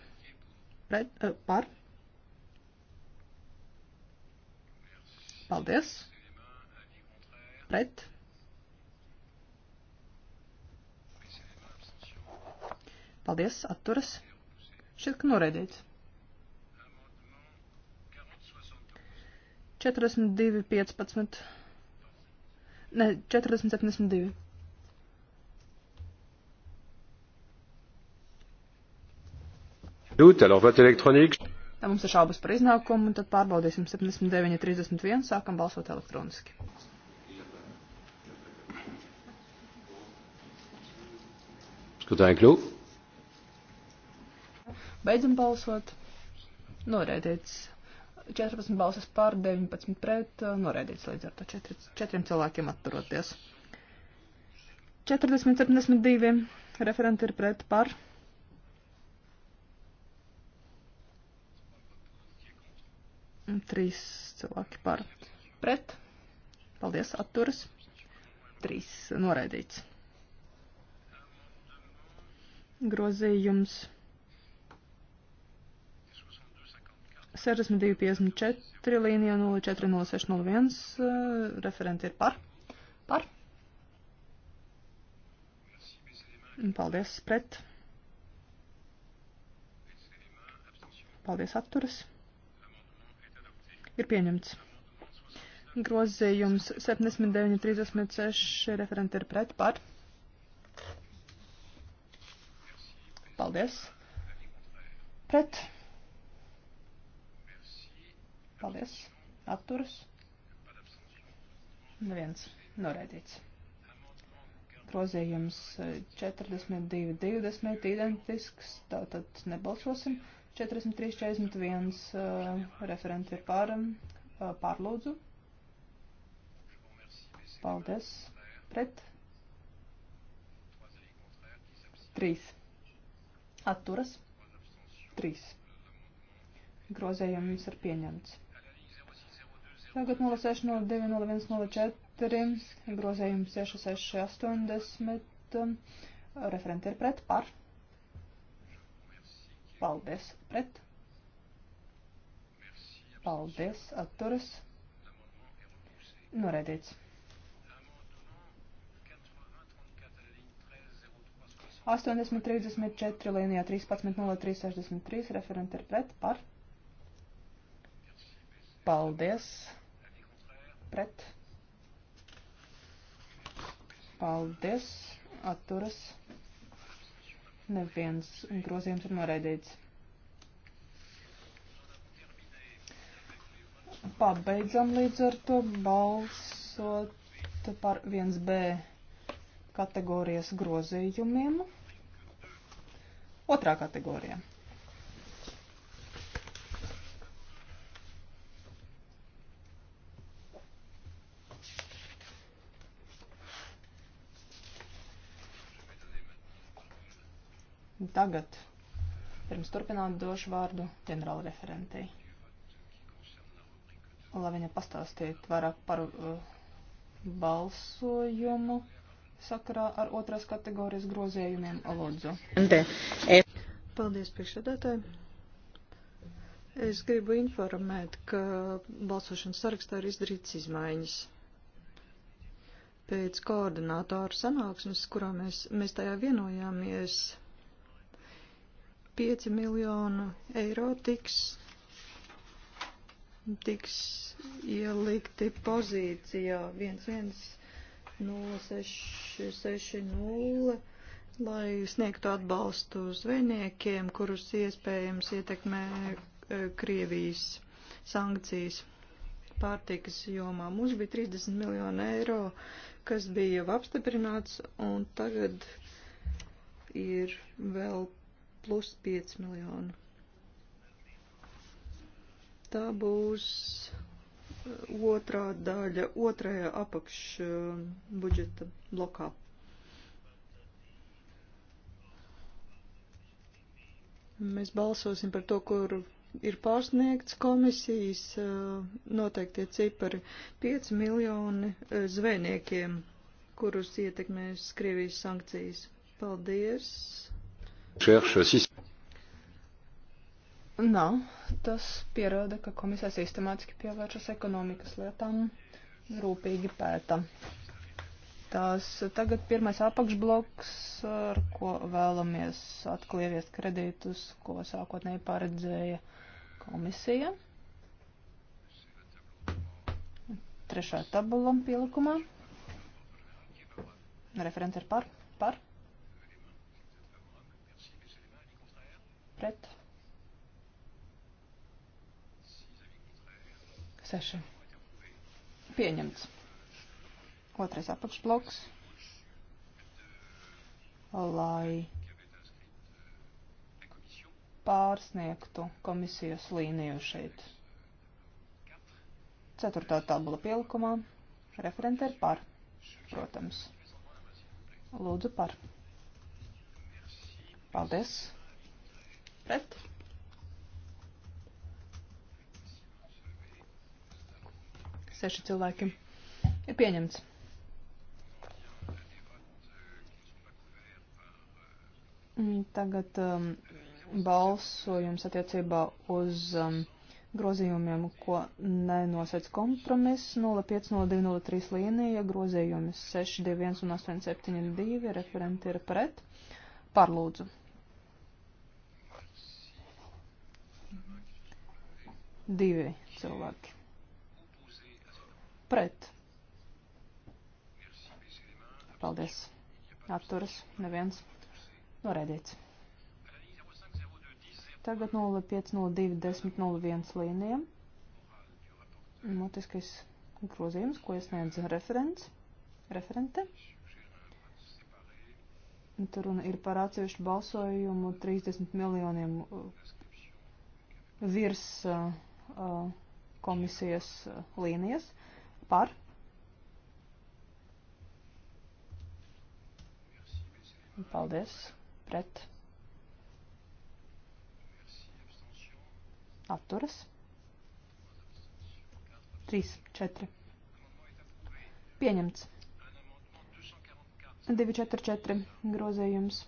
Pret, uh, par. Paldies. Pret. Paldies, atturas. Šķiet, ka noraidīts. 42, 15. Ne, 40, 72. Tā mums ir šaubas par iznākumu, un tad pārbaudīsim 79.31, sākam balsot elektroniski. Skatāju kļūt. Beidzam balsot. Noraidīts. 14 balsas pār, 19 pret, noraidīts līdz ar to 4, 4 cilvēkiem atturoties. 40, 72 referenti ir pret pār. Trīs cilvēki par pret. Paldies, atturas. Trīs noraidīts. Grozījums 6254 līnijā 040601 referenti ir par. Par. Paldies, pret. Paldies, atturas ir pieņemts. Grozījums 79.36 referenti ir pret par. Paldies. Pret. Paldies. Atturas. Neviens. Noraidīts grozījums 42, eh, 20 identisks, tātad nebalsosim. 43.41 uh, referenti ir par, uh, pārlūdzu. Paldies. Pret. 3. Atturas. 3. Grozējums ir pieņemts. Tagad 06.09.04. Grozējums 6.6.80. Referenti ir pret. Par. Paldies. Pret. Paldies. Atturas. Noraidīts. 8034 līnijā 13.03.63 referenti ir pret par. Paldies. Pret. Paldies. Atturas. Neviens grozījums ir noraidīts. Pabeidzam līdz ar to balsot par 1B kategorijas grozījumiem. Otrā kategorija. Tagad, pirms turpināt, došu vārdu ģenerāla referentei, lai viņa pastāstītu vairāk par uh, balsojumu sakarā ar otrās kategorijas grozējumiem. Lūdzu. Paldies, priekšsēdētāji. Es gribu informēt, ka balsošanas sarakstā ir izdarīts izmaiņas pēc koordinātoru sanāksmes, kurā mēs, mēs tajā vienojāmies 5 miljonu eiro tiks, tiks ielikti pozīcijā 11060, lai sniegtu atbalstu zvejniekiem, kurus iespējams ietekmē e, Krievijas sankcijas pārtikas jomā. Mums bija 30 miljonu eiro, kas bija jau apstiprināts, un tagad ir vēl plus 5 miljonu. Tā būs uh, otrā daļa, otrajā apakš um, budžeta blokā. Mēs balsosim par to, kur ir pārsniegts komisijas uh, noteiktie cipari - 5 miljoni uh, zvejniekiem, kurus ietekmēs Krievijas sankcijas. Paldies! Nav. Tas pierāda, ka komisija sistemātiski pievēršas ekonomikas lietām, rūpīgi pēta. Tās tagad pirmais apakšbloks, ar ko vēlamies atkal ieviest kredītus, ko sākotnēji paredzēja komisija. Trešā tabula pielikumā. Referents ir par. par. pret. Seši. Pieņemts. Otrais apakšbloks. Lai pārsniegtu komisijas līniju šeit. Ceturtā tabula pielikumā. Referente ir par, protams. Lūdzu par. Paldies pret. Seši cilvēki ir pieņemts. Mm, tagad um, balsojums attiecībā uz um, grozījumiem, ko nenosēc kompromiss 050203 līnija, grozījumi 621 un 872, referenti ir pret. Pārlūdzu. Divi cilvēki. Pret. Paldies. Atturas. Neviens. Noraidīts. Tagad 0502.10.01 līnija. Mutiskais grozījums, ko iesniedz referents. Referente. Tur runa ir par atsevišķu balsojumu 30 miljoniem virs uh, komisijas e, līnijas par. Paldies. Pret. Atturas. 3, 4. Pieņemts. 2, 4, 4. Grozējums.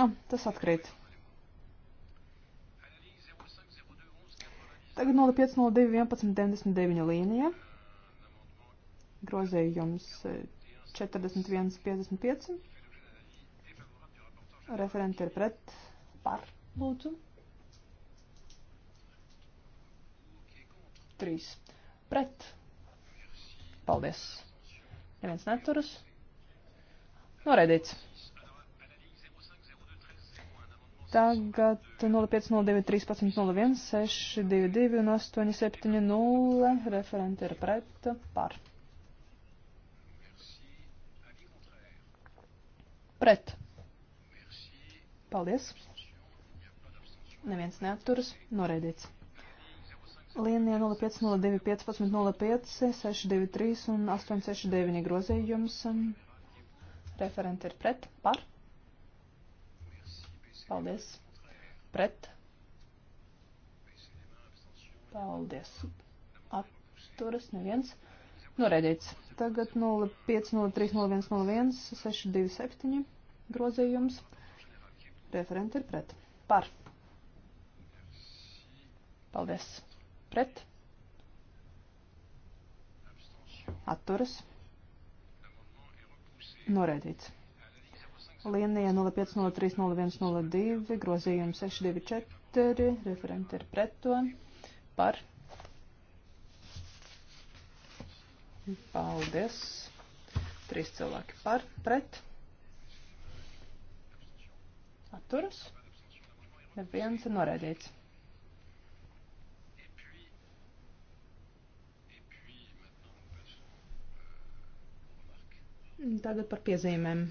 Oh, tas atkrīt. Tagad 0502 11 99 līnija. Grozējums 41,55. Eh, Referenti ir pret par, lūdzu. 3. Pret. Paldies. Neviens neturas. Noraidīts. Tagad 0509130162 un 870 referenti ir pret par. Pret. Paldies. Neviens neatturas. Noreidīts. Līnija 05021505 623 un 869 grozījums. Referenti ir pret par. Paldies. Pret. Paldies. Atturas neviens. Noreidīts. Tagad 0503010167 grozījums. Referenti ir pret. Par. Paldies. Pret. Atturas. Noreidīts. Līnija 0503-0102, grozījums 624, referenti ir pret to, par. Paldies. Trīs cilvēki par, pret. Atturas. Neviens ir noraidīts. Tagad par piezīmēm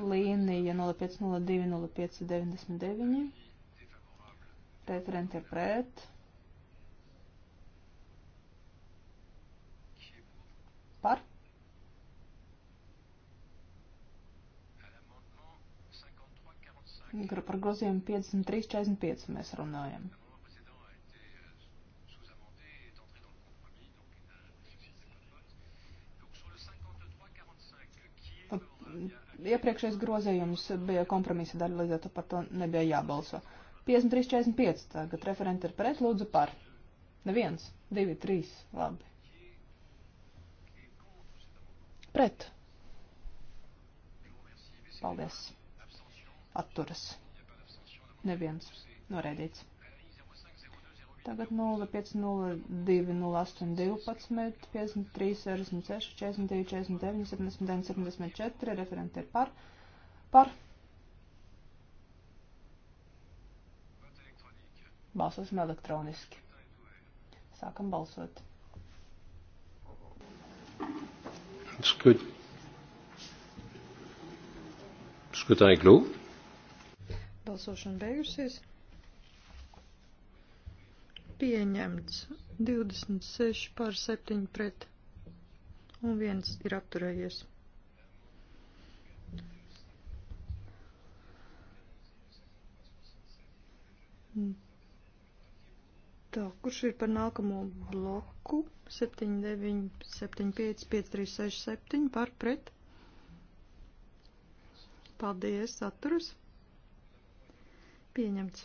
līnija 0502-0599. Referenti ir pret. Par. Par grozījumu 53-45 mēs runājam. Iepriekšējais grozījums bija kompromisa daļa, līdz ar to par to nebija jābalso. 53.45. Tagad referenti ir pret, lūdzu par. Neviens, divi, trīs, labi. Pret. Paldies. Atturas. Neviens. Noreidīts. Tagad 05020812, 5366, 42, 49, 79, 74, referenti ir par. Par. Balsosim elektroniski. Sākam balsot. Skut... Skutāju kļū. Balsošana beigusies pieņemts 26 pār 7 pret un viens ir atturējies. Tā, kurš ir par nākamo bloku? 7, 9, 7, 5, 5, 3, 6, 7 par pret. Paldies, atturas. Pieņemts.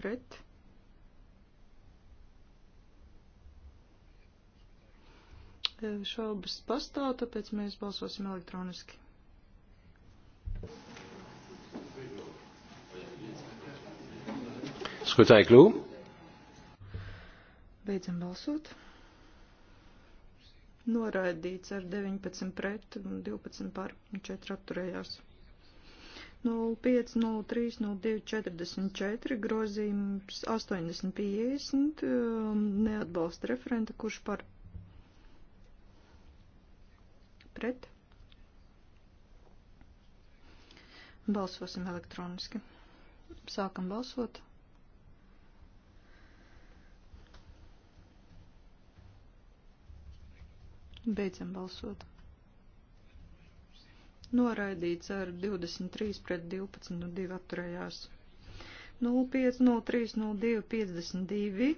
pret. E, šaubas pastāv, tāpēc mēs balsosim elektroniski. Skatāju klū. Beidzam balsot. Noraidīts ar 19 pret, 12 par un 4 atturējās. 0503-0244 grozījums 8050 um, neatbalsta referenta, kurš par pret. Balsosim elektroniski. Sākam balsot. Beidzam balsot noraidīts ar 23 pret 12 un 2 atturējās. 05030252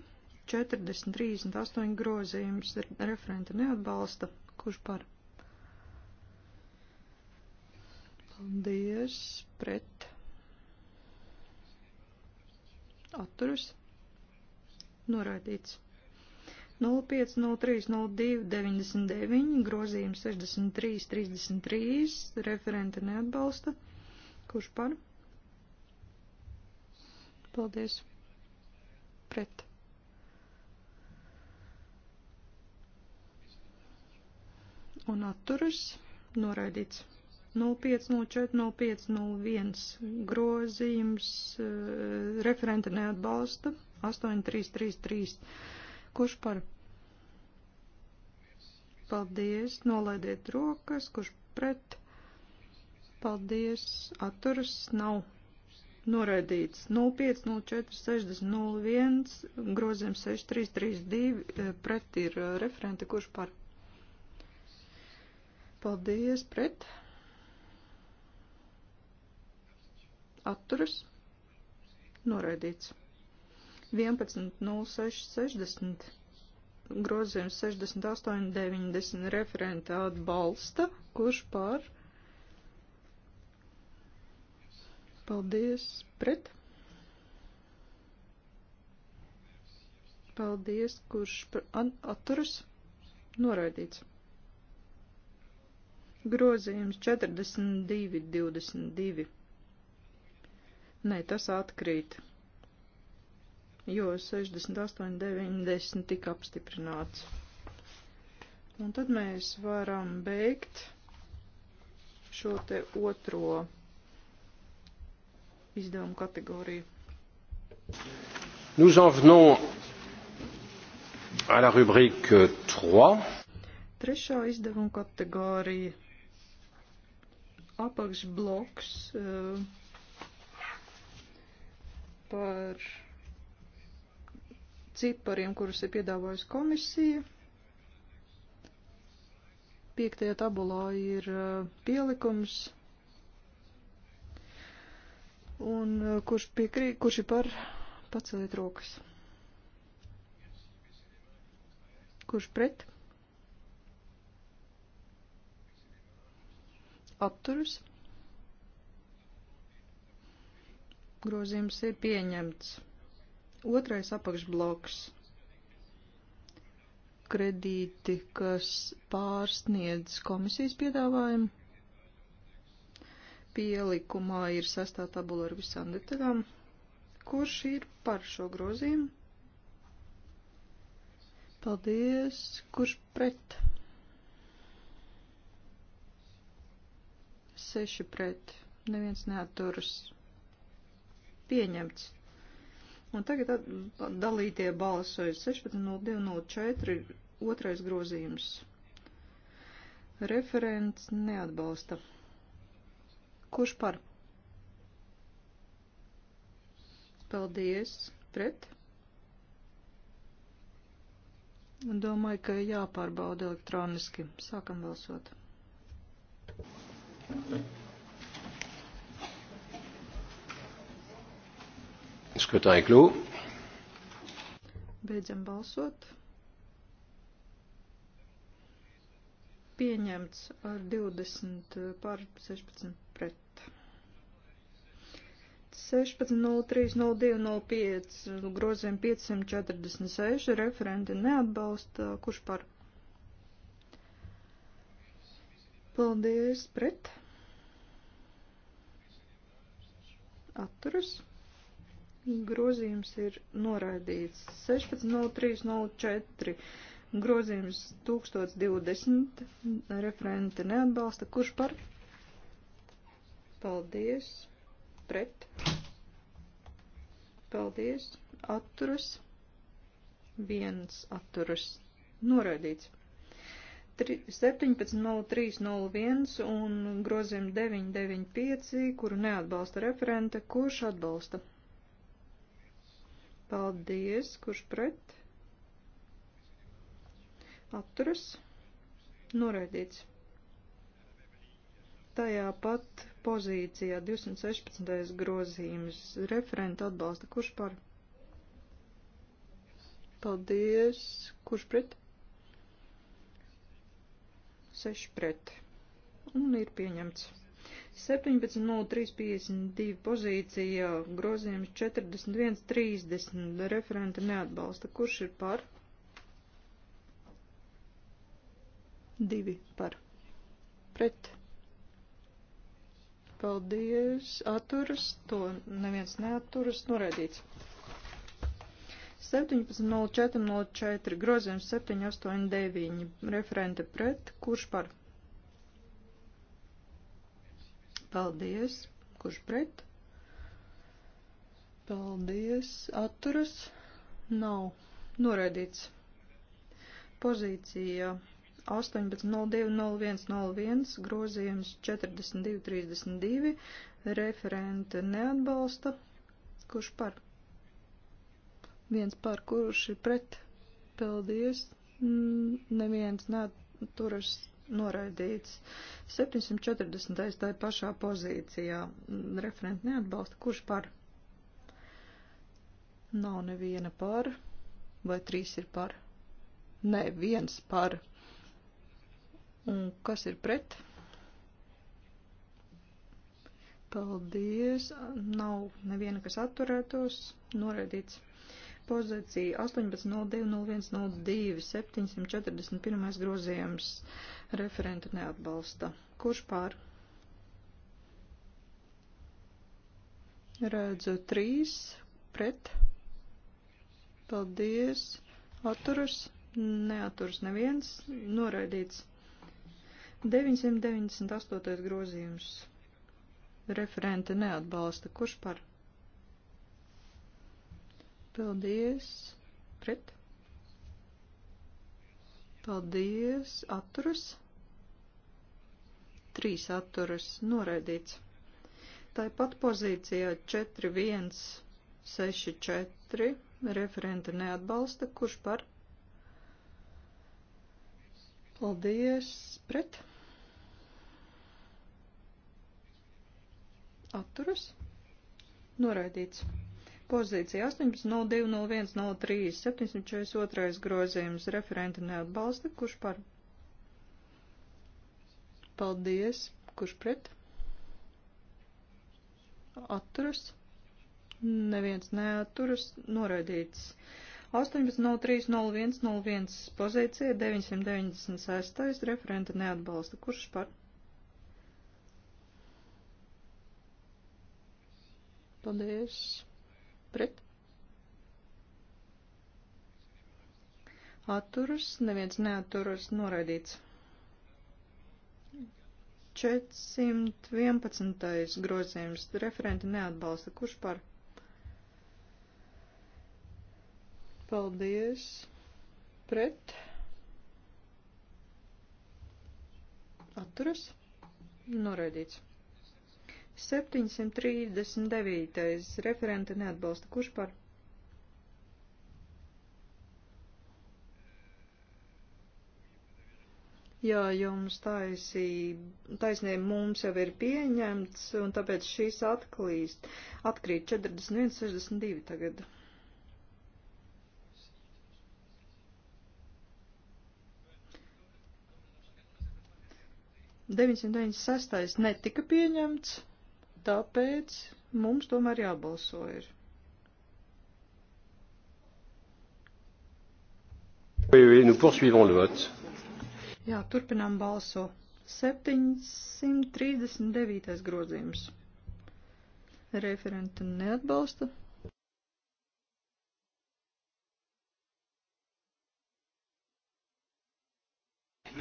4038 grozījums referenta neatbalsta. Kurš par? Paldies pret. Atturas. Noraidīts. 05030299, grozījums 6333, referente neatbalsta. Kurš par? Paldies. Pret. Un atturas noraidīts. 0504-0501 grozījums, eh, referente neatbalsta, 8333. Kurš par Paldies. Nolaidiet rokas, kurš pret. Paldies. Atturas nav noraidīts 05046001, grozījums 6332, eh, pret ir eh, referenti, kurš par. Paldies, pret. Atturas. Noraidīts. 11.06.60 grozījums 68,90 referenta atbalsta, kurš pār. Paldies, pret. Paldies, kurš atturas. Noraidīts. Grozījums 42,22. Nē, tas atkrīt jo 68, 90 tika apstiprināts. Un tad mēs varam beigt šo te otro izdevumu kategoriju. Nous en venons à la rubrique 3. Trešā izdevuma kategorija apakšbloks uh, par cipariem, kurus ir piedāvājusi komisija. Piektajā tabulā ir uh, pielikums, un uh, kurš, piekrī, kurš ir par paceliet rokas. Kurš pret? Atturas. Grozījums ir pieņemts. Otrais apakšbloks - kredīti, kas pārsniedz komisijas piedāvājumu. Pielikumā ir sastā tabula ar visām detaļām. Kurš ir par šo grozījumu? Paldies. Kurš pret? Seši pret. Neviens neaturas. Pieņemts. Un tagad dalītie balsoja 16.02.04 otrais grozījums. Referents neatbalsta. Kurš par? Paldies. Pret? Domāju, ka jāpārbauda elektroniski. Sākam balsot. Thank you. Skatāj klū. Beidzam balsot. Pieņemts ar 20 pār 16 pret. 16.03.02.05 groziem 546 referenti neatbalsta. Kurš par? Paldies pret. Atturas. Grozījums ir noraidīts 16.03.04. Grozījums 1020. Referente neatbalsta. Kurš par? Paldies. Pret. Paldies. Atturas. Viens atturas. Noraidīts. 17.03.01 un grozījuma 995, kuru neatbalsta referente, kurš atbalsta? Paldies, kurš pret? Atturas. Noraidīts. Tajā pat pozīcijā 216. grozījums referenta atbalsta. Kurš par? Paldies. Kurš pret? 6 pret. Un ir pieņemts. 17.03.52 pozīcija, grozījums 41.30, referenta neatbalsta. Kurš ir par? Divi par. Pret. Paldies. Atturas. To neviens neatturas. Noraidīts. 17.04.04. Grozījums 7.89. Referente pret. Kurš par? Paldies. Kurš pret? Paldies. Atturas. Nav. Noraidīts. Pozīcija 18.02.01.01. Grozījums 42.32. Referente neatbalsta. Kurš par? Viens par kurš ir pret. Paldies. Neviens neaturas noraidīts. 740. tai pašā pozīcijā. Referenti neatbalsta. Kurš par? Nav neviena par. Vai trīs ir par? Nē, viens par. Un kas ir pret? Paldies. Nav neviena, kas atturētos. Noraidīts. Pozīcija 18.02.01.02. 741. grozījums. Referentu neatbalsta. Kurš pār? Redzu trīs pret. Paldies. Atturas. Neaturas neviens. Noraidīts. 998. grozījums. Referente neatbalsta. Kurš par? Paldies. Pret. Paldies. Atturas. 3 atturas noraidīts. Tāpat pozīcijā 4, 1, 6, 4 referenta neatbalsta, kurš par. Paldies, pret. Atturas. Noraidīts pozīcija 18.02.01.03. 742. grozījums referenta neatbalsta, kurš par Paldies. Kurš pret? Atturas. Neviens neaturas. Noraidīts. 18.03.01.01 pozīcija 996. referenta neatbalsta. Kurš par? Paldies. Pret? Atturas. Neviens neaturas. Noraidīts. 411. grozījums. Referenti neatbalsta. Kurš par? Paldies. Pret. Atturas. Noraidīts. 739. Referenti neatbalsta. Kurš par? Jā, jums taisība, taisnība mums jau ir pieņemts, un tāpēc šīs atklīst, atkrīt 41, 62 tagad. Deviņdesmit netika pieņemts, tāpēc mums tomēr jābalso ir. Oui, oui, nous poursuivons le vote. Jā, turpinām balso. 739. grozījums. Referenta neatbalsta.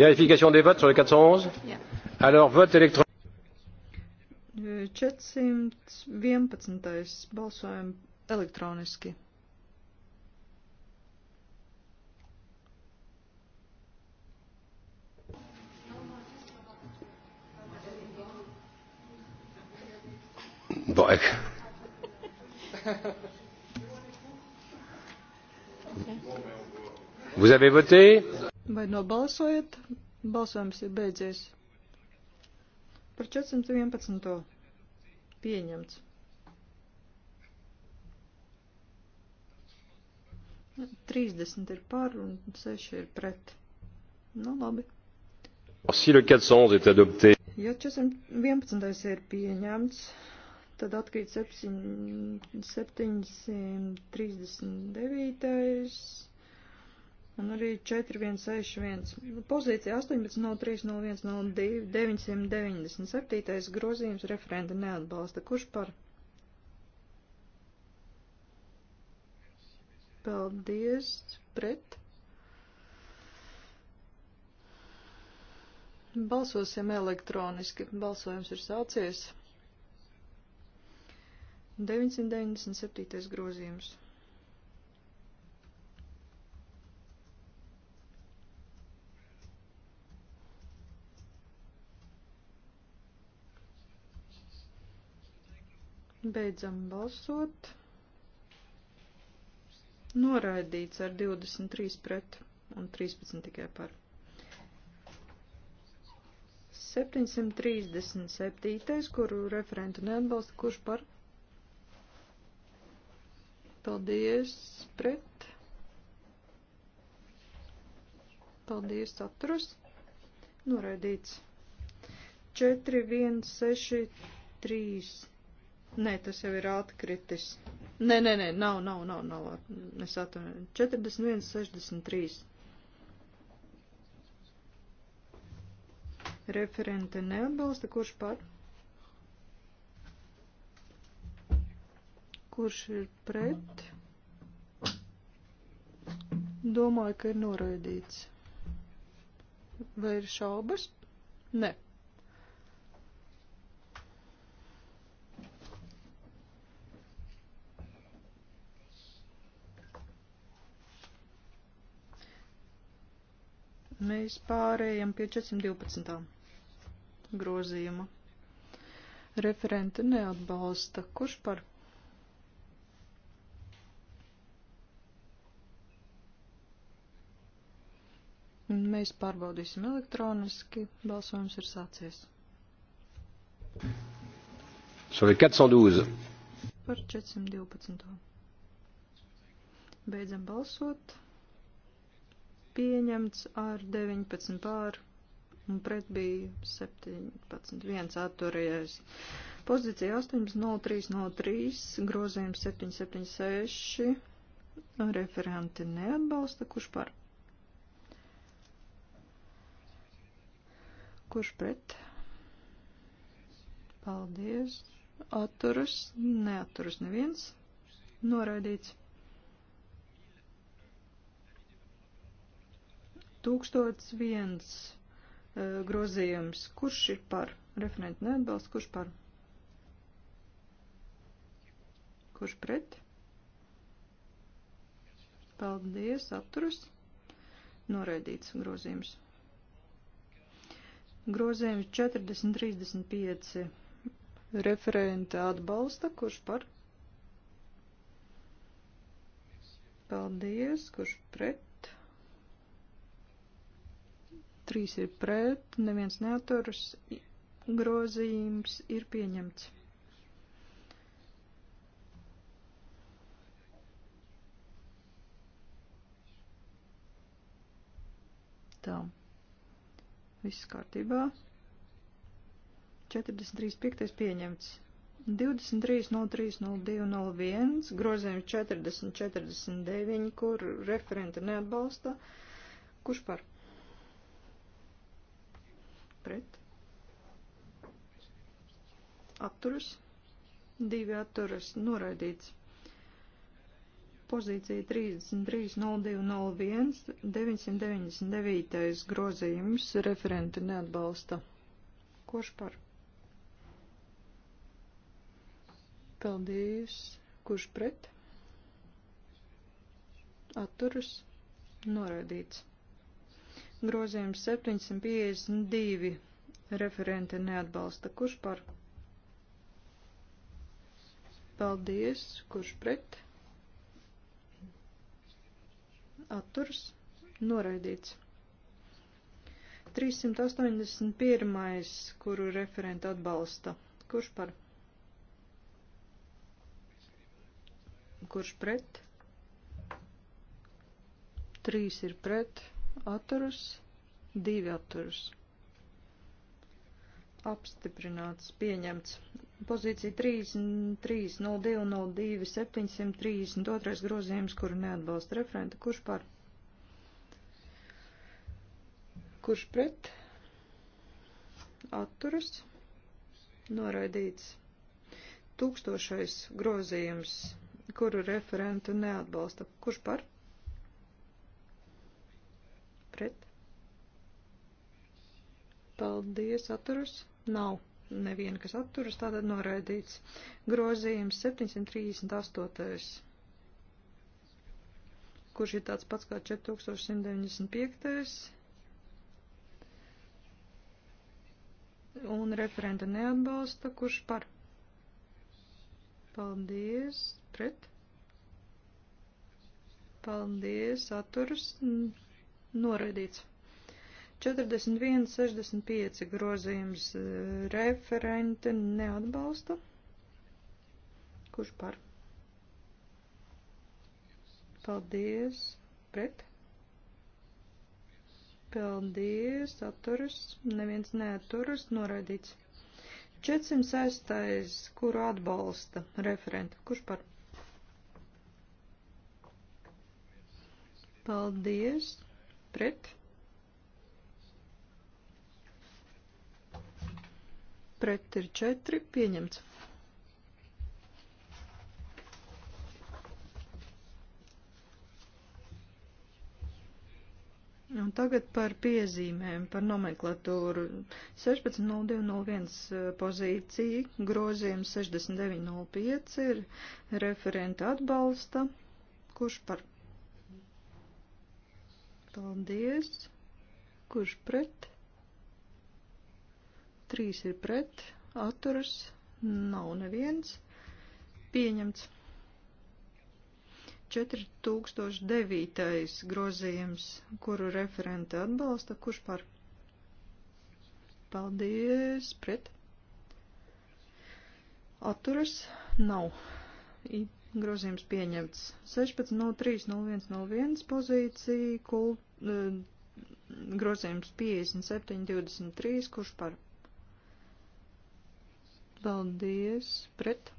Vérification des votes sur le 411 yeah. Alors, vote électronique. 411. Balsojam elektroniski. Bo ek. Vous avez voté? Vai nobalsojat? Balsojums ir beidzies. Par 411. Pieņemts. Trīsdesmit ir par un seši ir pret. Nu, labi. Si le 411 est adopté. Ja 411 ir pieņemts, Tad atkrīt 7, 739. Un arī 4161. Pozīcija 18.03.01.0997. grozījums referenda neatbalsta. Kurš par? Paldies. Pret. Balsosim elektroniski. Balsojums ir sācies. 997. grozījums. Beidzam balsot. Noraidīts ar 23 pret un 13 tikai par. 737, kuru referentu neatbalsta, kurš par Paldies pret. Paldies atturas. Noraidīts. 4, 1, 6, 3. Nē, tas jau ir atkritis. Nē, nē, nē, nav, nav, nav, nav. Es atvainoju. 41, 63. Referente neatbalsta, kurš par? Kurš ir pret? Domāju, ka ir noraidīts. Vai ir šaubas? Nē. Mēs pārējām pie 412. grozījuma. Referenti neatbalsta. Kurš par Mēs pārbaudīsim elektroniski. Balsojums ir sācies. Sur le 412. Par 412. Beidzam balsot. Pieņemts ar 19 pār un pret bija 17, 1 atturējais. Pozīcija 8.03.03, grozījums 776, referenti neatbalsta, kurš par Kurš pret? Paldies. Atturas. Neaturas neviens. Noraidīts. 1001 e, grozījums. Kurš ir par? Referenti neatbalst. Kurš par? Kurš pret? Paldies. Atturas. Noraidīts grozījums. Grozējums 4035. Referente atbalsta, kurš par? Paldies, kurš pret? Trīs ir pret, neviens neaturas. Grozījums ir pieņemts. Tā. Viss kārtībā. 43.5. pieņemts. 23.03.02.01, grozījums 40.49, kur referenta neatbalsta. Kurš par? Pret. Atturas. Divi atturas. Noraidīts pozīcija 33.02.01, 999. grozījums referenti neatbalsta. Koš par? Paldies. Kurš pret? Atturas. Noraidīts. Grozījums 752. Referenti neatbalsta. Kurš par? Paldies. Kurš pret? atturas noraidīts. 381. kuru referenta atbalsta. Kurš par? Kurš pret? Trīs ir pret, atturas, divi atturas apstiprināts, pieņemts. Pozīcija 330202 732 grozījums, kuru neatbalsta referenta. Kurš par? Kurš pret? Atturas. Noraidīts. Tūkstošais grozījums, kuru referentu neatbalsta. Kurš par? Pret. Paldies, atturas. Nav. No neviena, kas atturas, tātad noraidīts. Grozījums 738. Kurš ir tāds pats kā 4195. Un referenta neatbalsta, kurš par. Paldies, pret. Paldies, atturas, noraidīts. 41,65 grozījums e, referente neatbalsta. Kurš par? Paldies. Pret? Paldies. Atturas. Neviens neaturas. Noraidīts. 406. Kuru atbalsta referente? Kurš par? Paldies. Pret? pret ir 4 pieņemts. Un tagad par piezīmēm, par nomenklatūru. 16.02.01 eh, pozīcija, grozījums 69.05 ir referenta atbalsta. Kurš par? Paldies. Kurš pret? 3 ir pret, atturas, nav neviens, pieņemts. 4009. grozījums, kuru referente atbalsta, kurš par? Paldies, pret. Atturas nav. Grozījums pieņemts. 16.03.01.01 pozīcija, kul, eh, grozījums 57.23, kurš par? Paldies. Pret.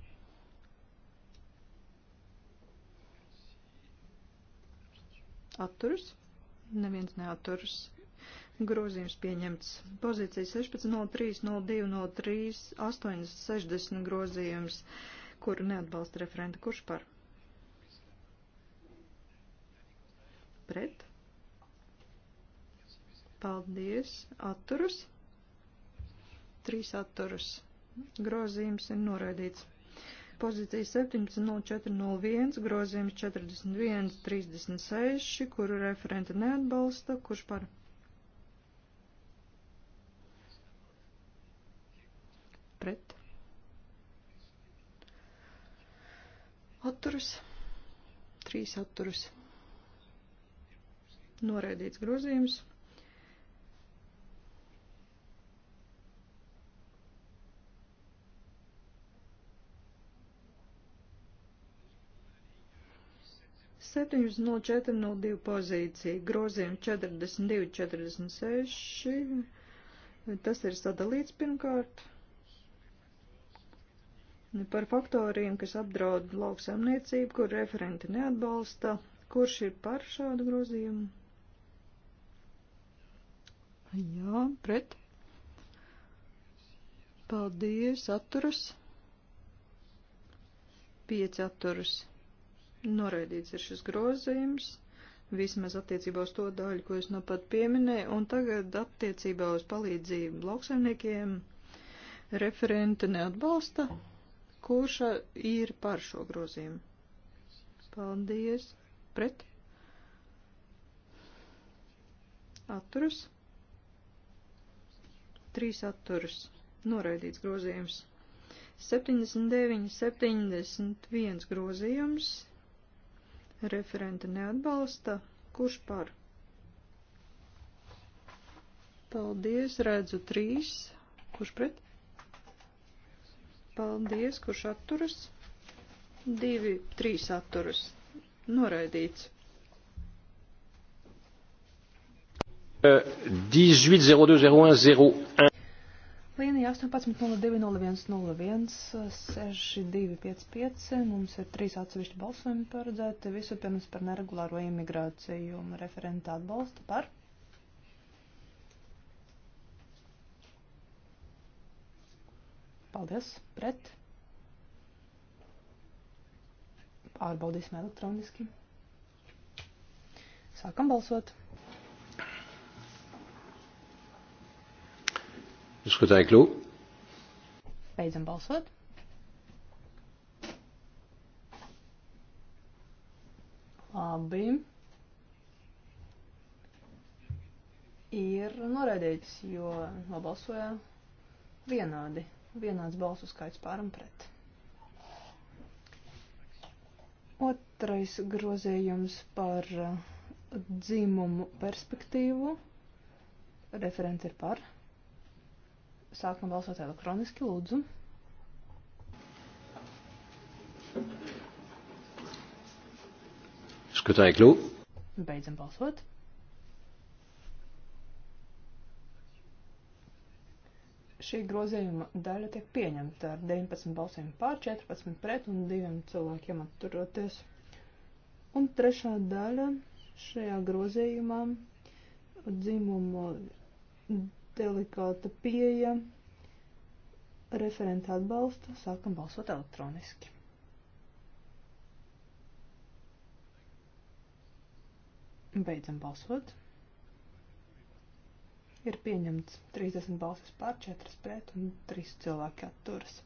Atturs. Neviens neaturs. Grozījums pieņemts. Pozīcija 16.03.02.03.860 grozījums, kuru neatbalsta referenta. Kurš par? Pret? Paldies. Atturus? Trīs atturus grozījums ir noraidīts. Pozīcija 17.04.01, grozījums 41.36, kuru referenta neatbalsta, kurš par pret atturas, trīs atturas, noraidīts grozījums. 17.04.01. 70402 pozīcija, grozījumi 42, 46, tas ir sadalīts pirmkārt par faktoriem, kas apdraud lauksaimniecību, kur referenti neatbalsta, kurš ir par šādu grozījumu. Jā, pret. Paldies, atturas. Pieci atturas. Noraidīts ir šis grozījums, vismaz attiecībā uz to daļu, ko es nu pat pieminēju, un tagad attiecībā uz palīdzību lauksaimniekiem referente neatbalsta, kurš ir par šo grozījumu. Paldies. Pret. Atturas. Trīs atturas. Noraidīts grozījums. 79, 71 grozījums Referenta neatbalsta. Kurš par? Paldies, redzu trīs. Kurš pret? Paldies, kurš atturas? Divi, trīs atturas. Noraidīts. 18.02.01.01. Uh, Līnija 18.02.01.01.6255. Mums ir trīs atsevišķi balsojumi paredzēti. Visu pirms par neregulāro imigrāciju un referenta atbalstu par. Paldies. Pret. Pārbaudīsim elektroniski. Sākam balsot. Le scrutin est clos. Beidzam balsot. Labi. Ir noraidīts, jo nobalsoja vienādi. Vienāds balsu skaits pār un pret. Otrais grozējums par dzimumu perspektīvu. Referents ir par. Sākam balsot elektroniski, lūdzu. Skatāju klū. Beidzam balsot. Šī grozījuma daļa tiek pieņemta ar 19 balsīm pār 14 pret un diviem cilvēkiem atturoties. Un trešā daļa šajā grozījumā dzimumu delikāta pieeja. Referenta atbalsta. Sākam balsot elektroniski. Beidzam balsot. Ir pieņemts 30 balsis pār, 4 pret un 3 cilvēki atturas.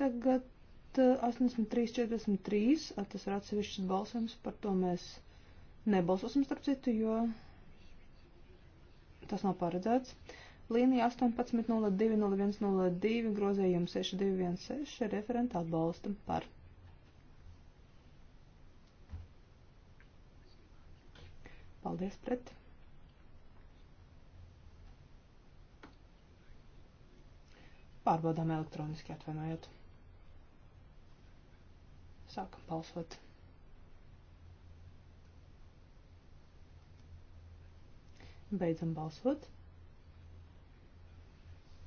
Tagad 83-43, eh, tas ir atsevišķs balsojums, par to mēs nebalsosim starp citu, jo tas nav paredzēts. Līnija 18.02.01.02 grozējums 6216 referenta atbalsta par. Paldies pret. Pārbaudām elektroniski atvainojot. Sākam balsot. Beidzam balsot.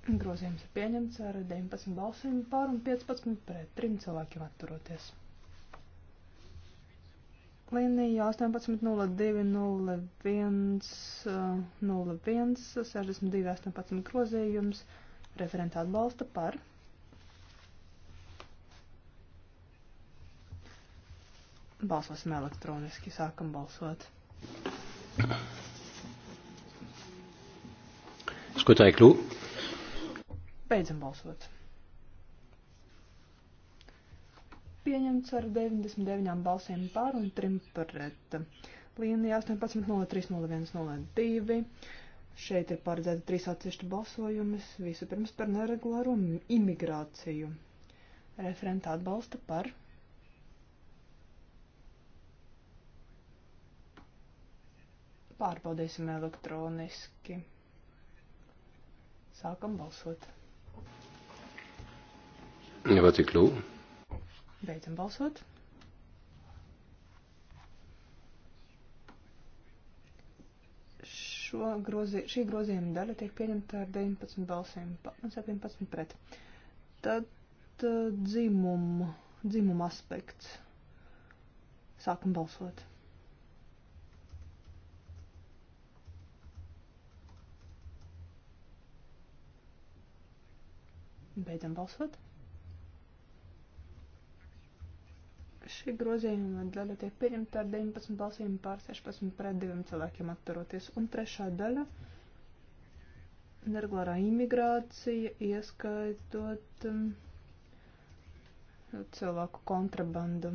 Grozījums ir pieņemts ar 19 balsīm pār un 15 pret 3 cilvēkiem atturoties. Līnija 18.02.01.01, 62.18 grozījums, referenta atbalsta par. Balsosim elektroniski, sākam balsot. Thank you. Skatāj klū. Beidzam balsot. Pieņemts ar 99 balsīm pār un 3 pret. Līnija 18.03.01.02. Šeit ir paredzēta trīs atsevišķi balsojumus. Vispirms par neregulāro imigrāciju. Referenta atbalsta par. Pārbaudīsim elektroniski. Sākam balsot. Ļoti klū. Beidzam balsot. Šo grozi, šī grozījuma daļa tiek pieņemta ar 19 balsīm un 17 pret. Tad dzimuma, eh, dzimuma aspekts. Sākam balsot. Beidzam balsot. Šī grozījuma daļa tiek pieņemta ar 19 balsīm pār 16 pret diviem cilvēkiem atturoties. Un trešā daļa - neregulārā imigrācija, ieskaitot um, cilvēku kontrabandu.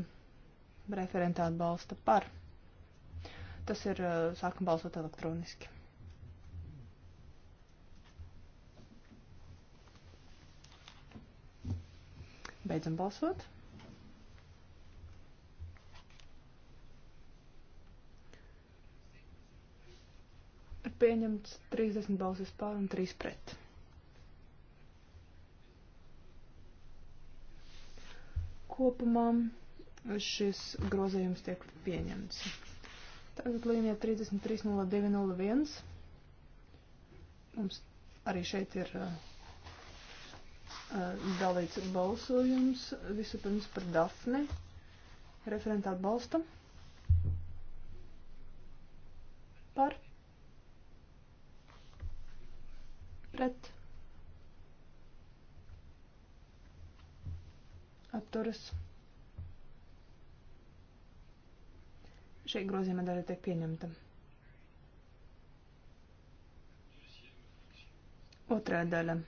Referentā atbalsta par. Tas ir, uh, sākam balsot elektroniski. Beidzam balsot. Ir pieņemts 30 balsis pār un 3 pret. Kopumā šis grozījums tiek pieņemts. Tagad līnija 33.09.01. Mums arī šeit ir uh, Eh, dalīts balsojums vispirms par Dafni. Referenta atbalsta. Par. Pret. Atturas. Šī grozījuma daļa tiek pieņemta. Otrā daļa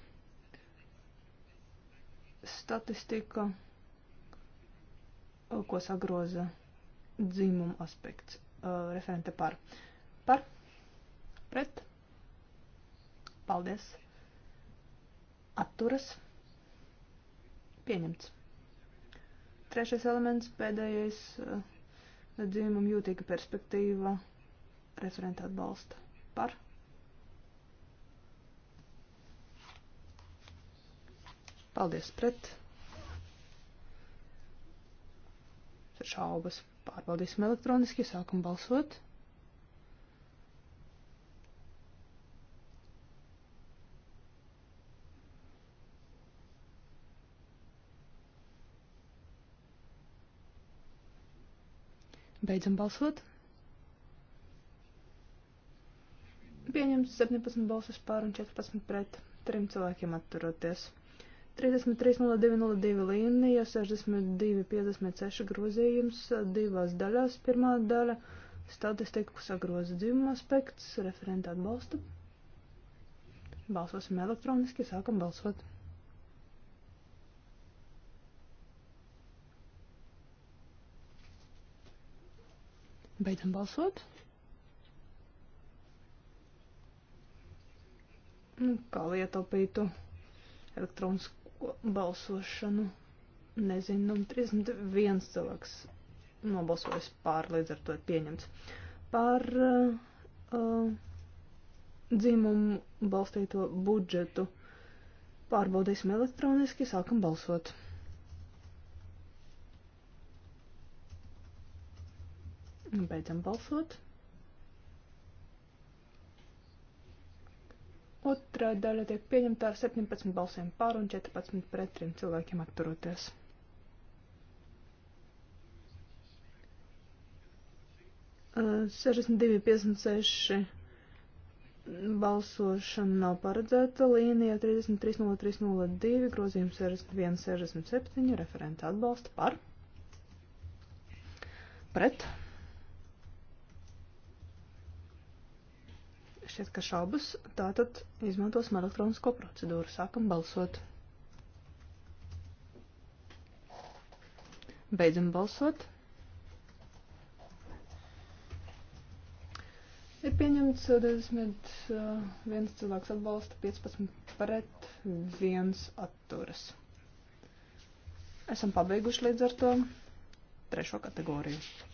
statistika, uh, ko sagroza dzīmuma aspekts uh, referente par. Par? Pret? Paldies. Atturas. Pieņemts. Trešais elements, pēdējais uh, dzīvumam jūtīga perspektīva referenta atbalsta. Par? Paldies pret. šaubas. Pārbaudīsim elektroniski, sākam balsot. Beidzam balsot. Pieņemts 17 balsas pār un 14 pret. Trim cilvēkiem atturoties. 33.02.02 līnija, 62.56 grozījums divās daļās. Pirmā daļa - statistiku sagroza dzimuma aspekts, referenta atbalsta. Balsosim elektroniski, sākam balsot. Beidzam balsot. Nu, kā lietaupītu elektronisku sāku balsošanu. Nezinu, 31 cilvēks nobalsojis pār, līdz ar to ir pieņemts. Par uh, uh, dzimumu balstīto budžetu pārbaudīsim elektroniski, sākam balsot. Beidzam balsot. Otrā daļa tiek pieņemta ar 17 balsiem pār un 14 pret 3 cilvēkiem atturoties. Uh, 62, 56 balsošana nav paredzēta. Līnija 330302, grozījums 6167, referenta atbalsta par. Pret. Šķiet, ka šaubas tātad izmantosim elektronisko procedūru. Sākam balsot. Beidzam balsot. Ir pieņemts 21 uh, uh, cilvēks atbalsta, 15 pret, 1 atturas. Esam pabeiguši līdz ar to trešo kategoriju.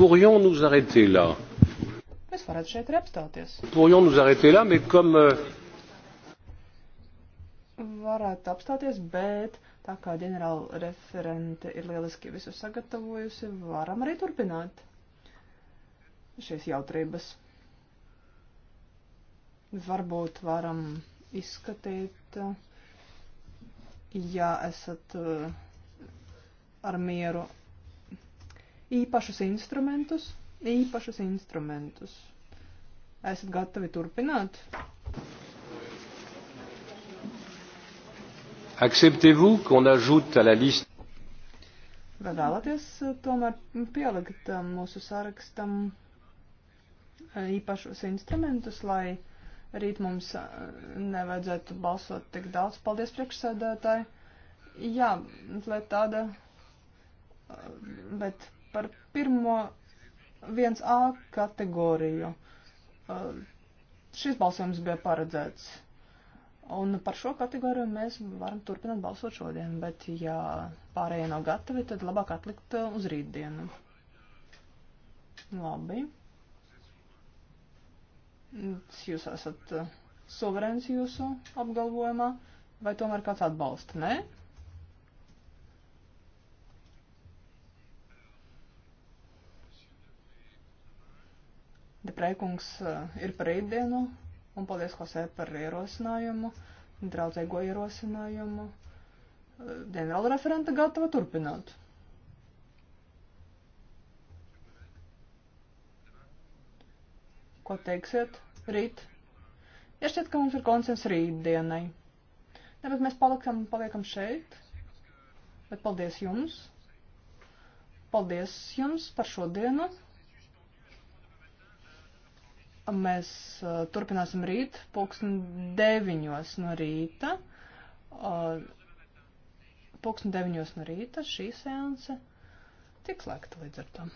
pourrions nous arrêter là. Mēs varētu šeit arī apstāties. Pourrions nous arrêter là, mais comme. Euh, varētu apstāties, bet tā kā ģenerāla referente ir lieliski visu sagatavojusi, varam arī turpināt šīs jautrības. Varbūt varam izskatīt, ja esat uh, ar mieru īpašus instrumentus, īpašus instrumentus. Esat gatavi turpināt? Acceptez-vous qu'on ajoute à la liste Vai vēlaties eh, tomēr pielikt eh, mūsu sarakstam eh, īpašos instrumentus, lai rīt mums nevajadzētu balsot tik daudz? Paldies priekšsēdētāji. Jā, lai tāda, bet par pirmo 1A kategoriju. Uh, šis balsojums bija paredzēts. Un par šo kategoriju mēs varam turpināt balsot šodien, bet ja pārējie nav gatavi, tad labāk atlikt uh, uz rītdienu. Labi. Jūs esat uh, suverēns jūsu apgalvojumā, vai tomēr kāds atbalsta? Nē? Depreikungs eh, ir par rītdienu, un paldies Hosē par ierosinājumu, draudzīgo ierosinājumu. Eh, ģenerāla referenta gatava turpināt. Ko teiksiet rīt? Ja šķiet, ka mums ir konsens rītdienai. Ne, bet mēs palikam, paliekam šeit. Bet paldies jums. Paldies jums par šodienu. Mēs uh, turpināsim rīt, pulksten deviņos no rīta. Uh, pulksten deviņos no rīta šī seanse tiks slēgta līdz ar to.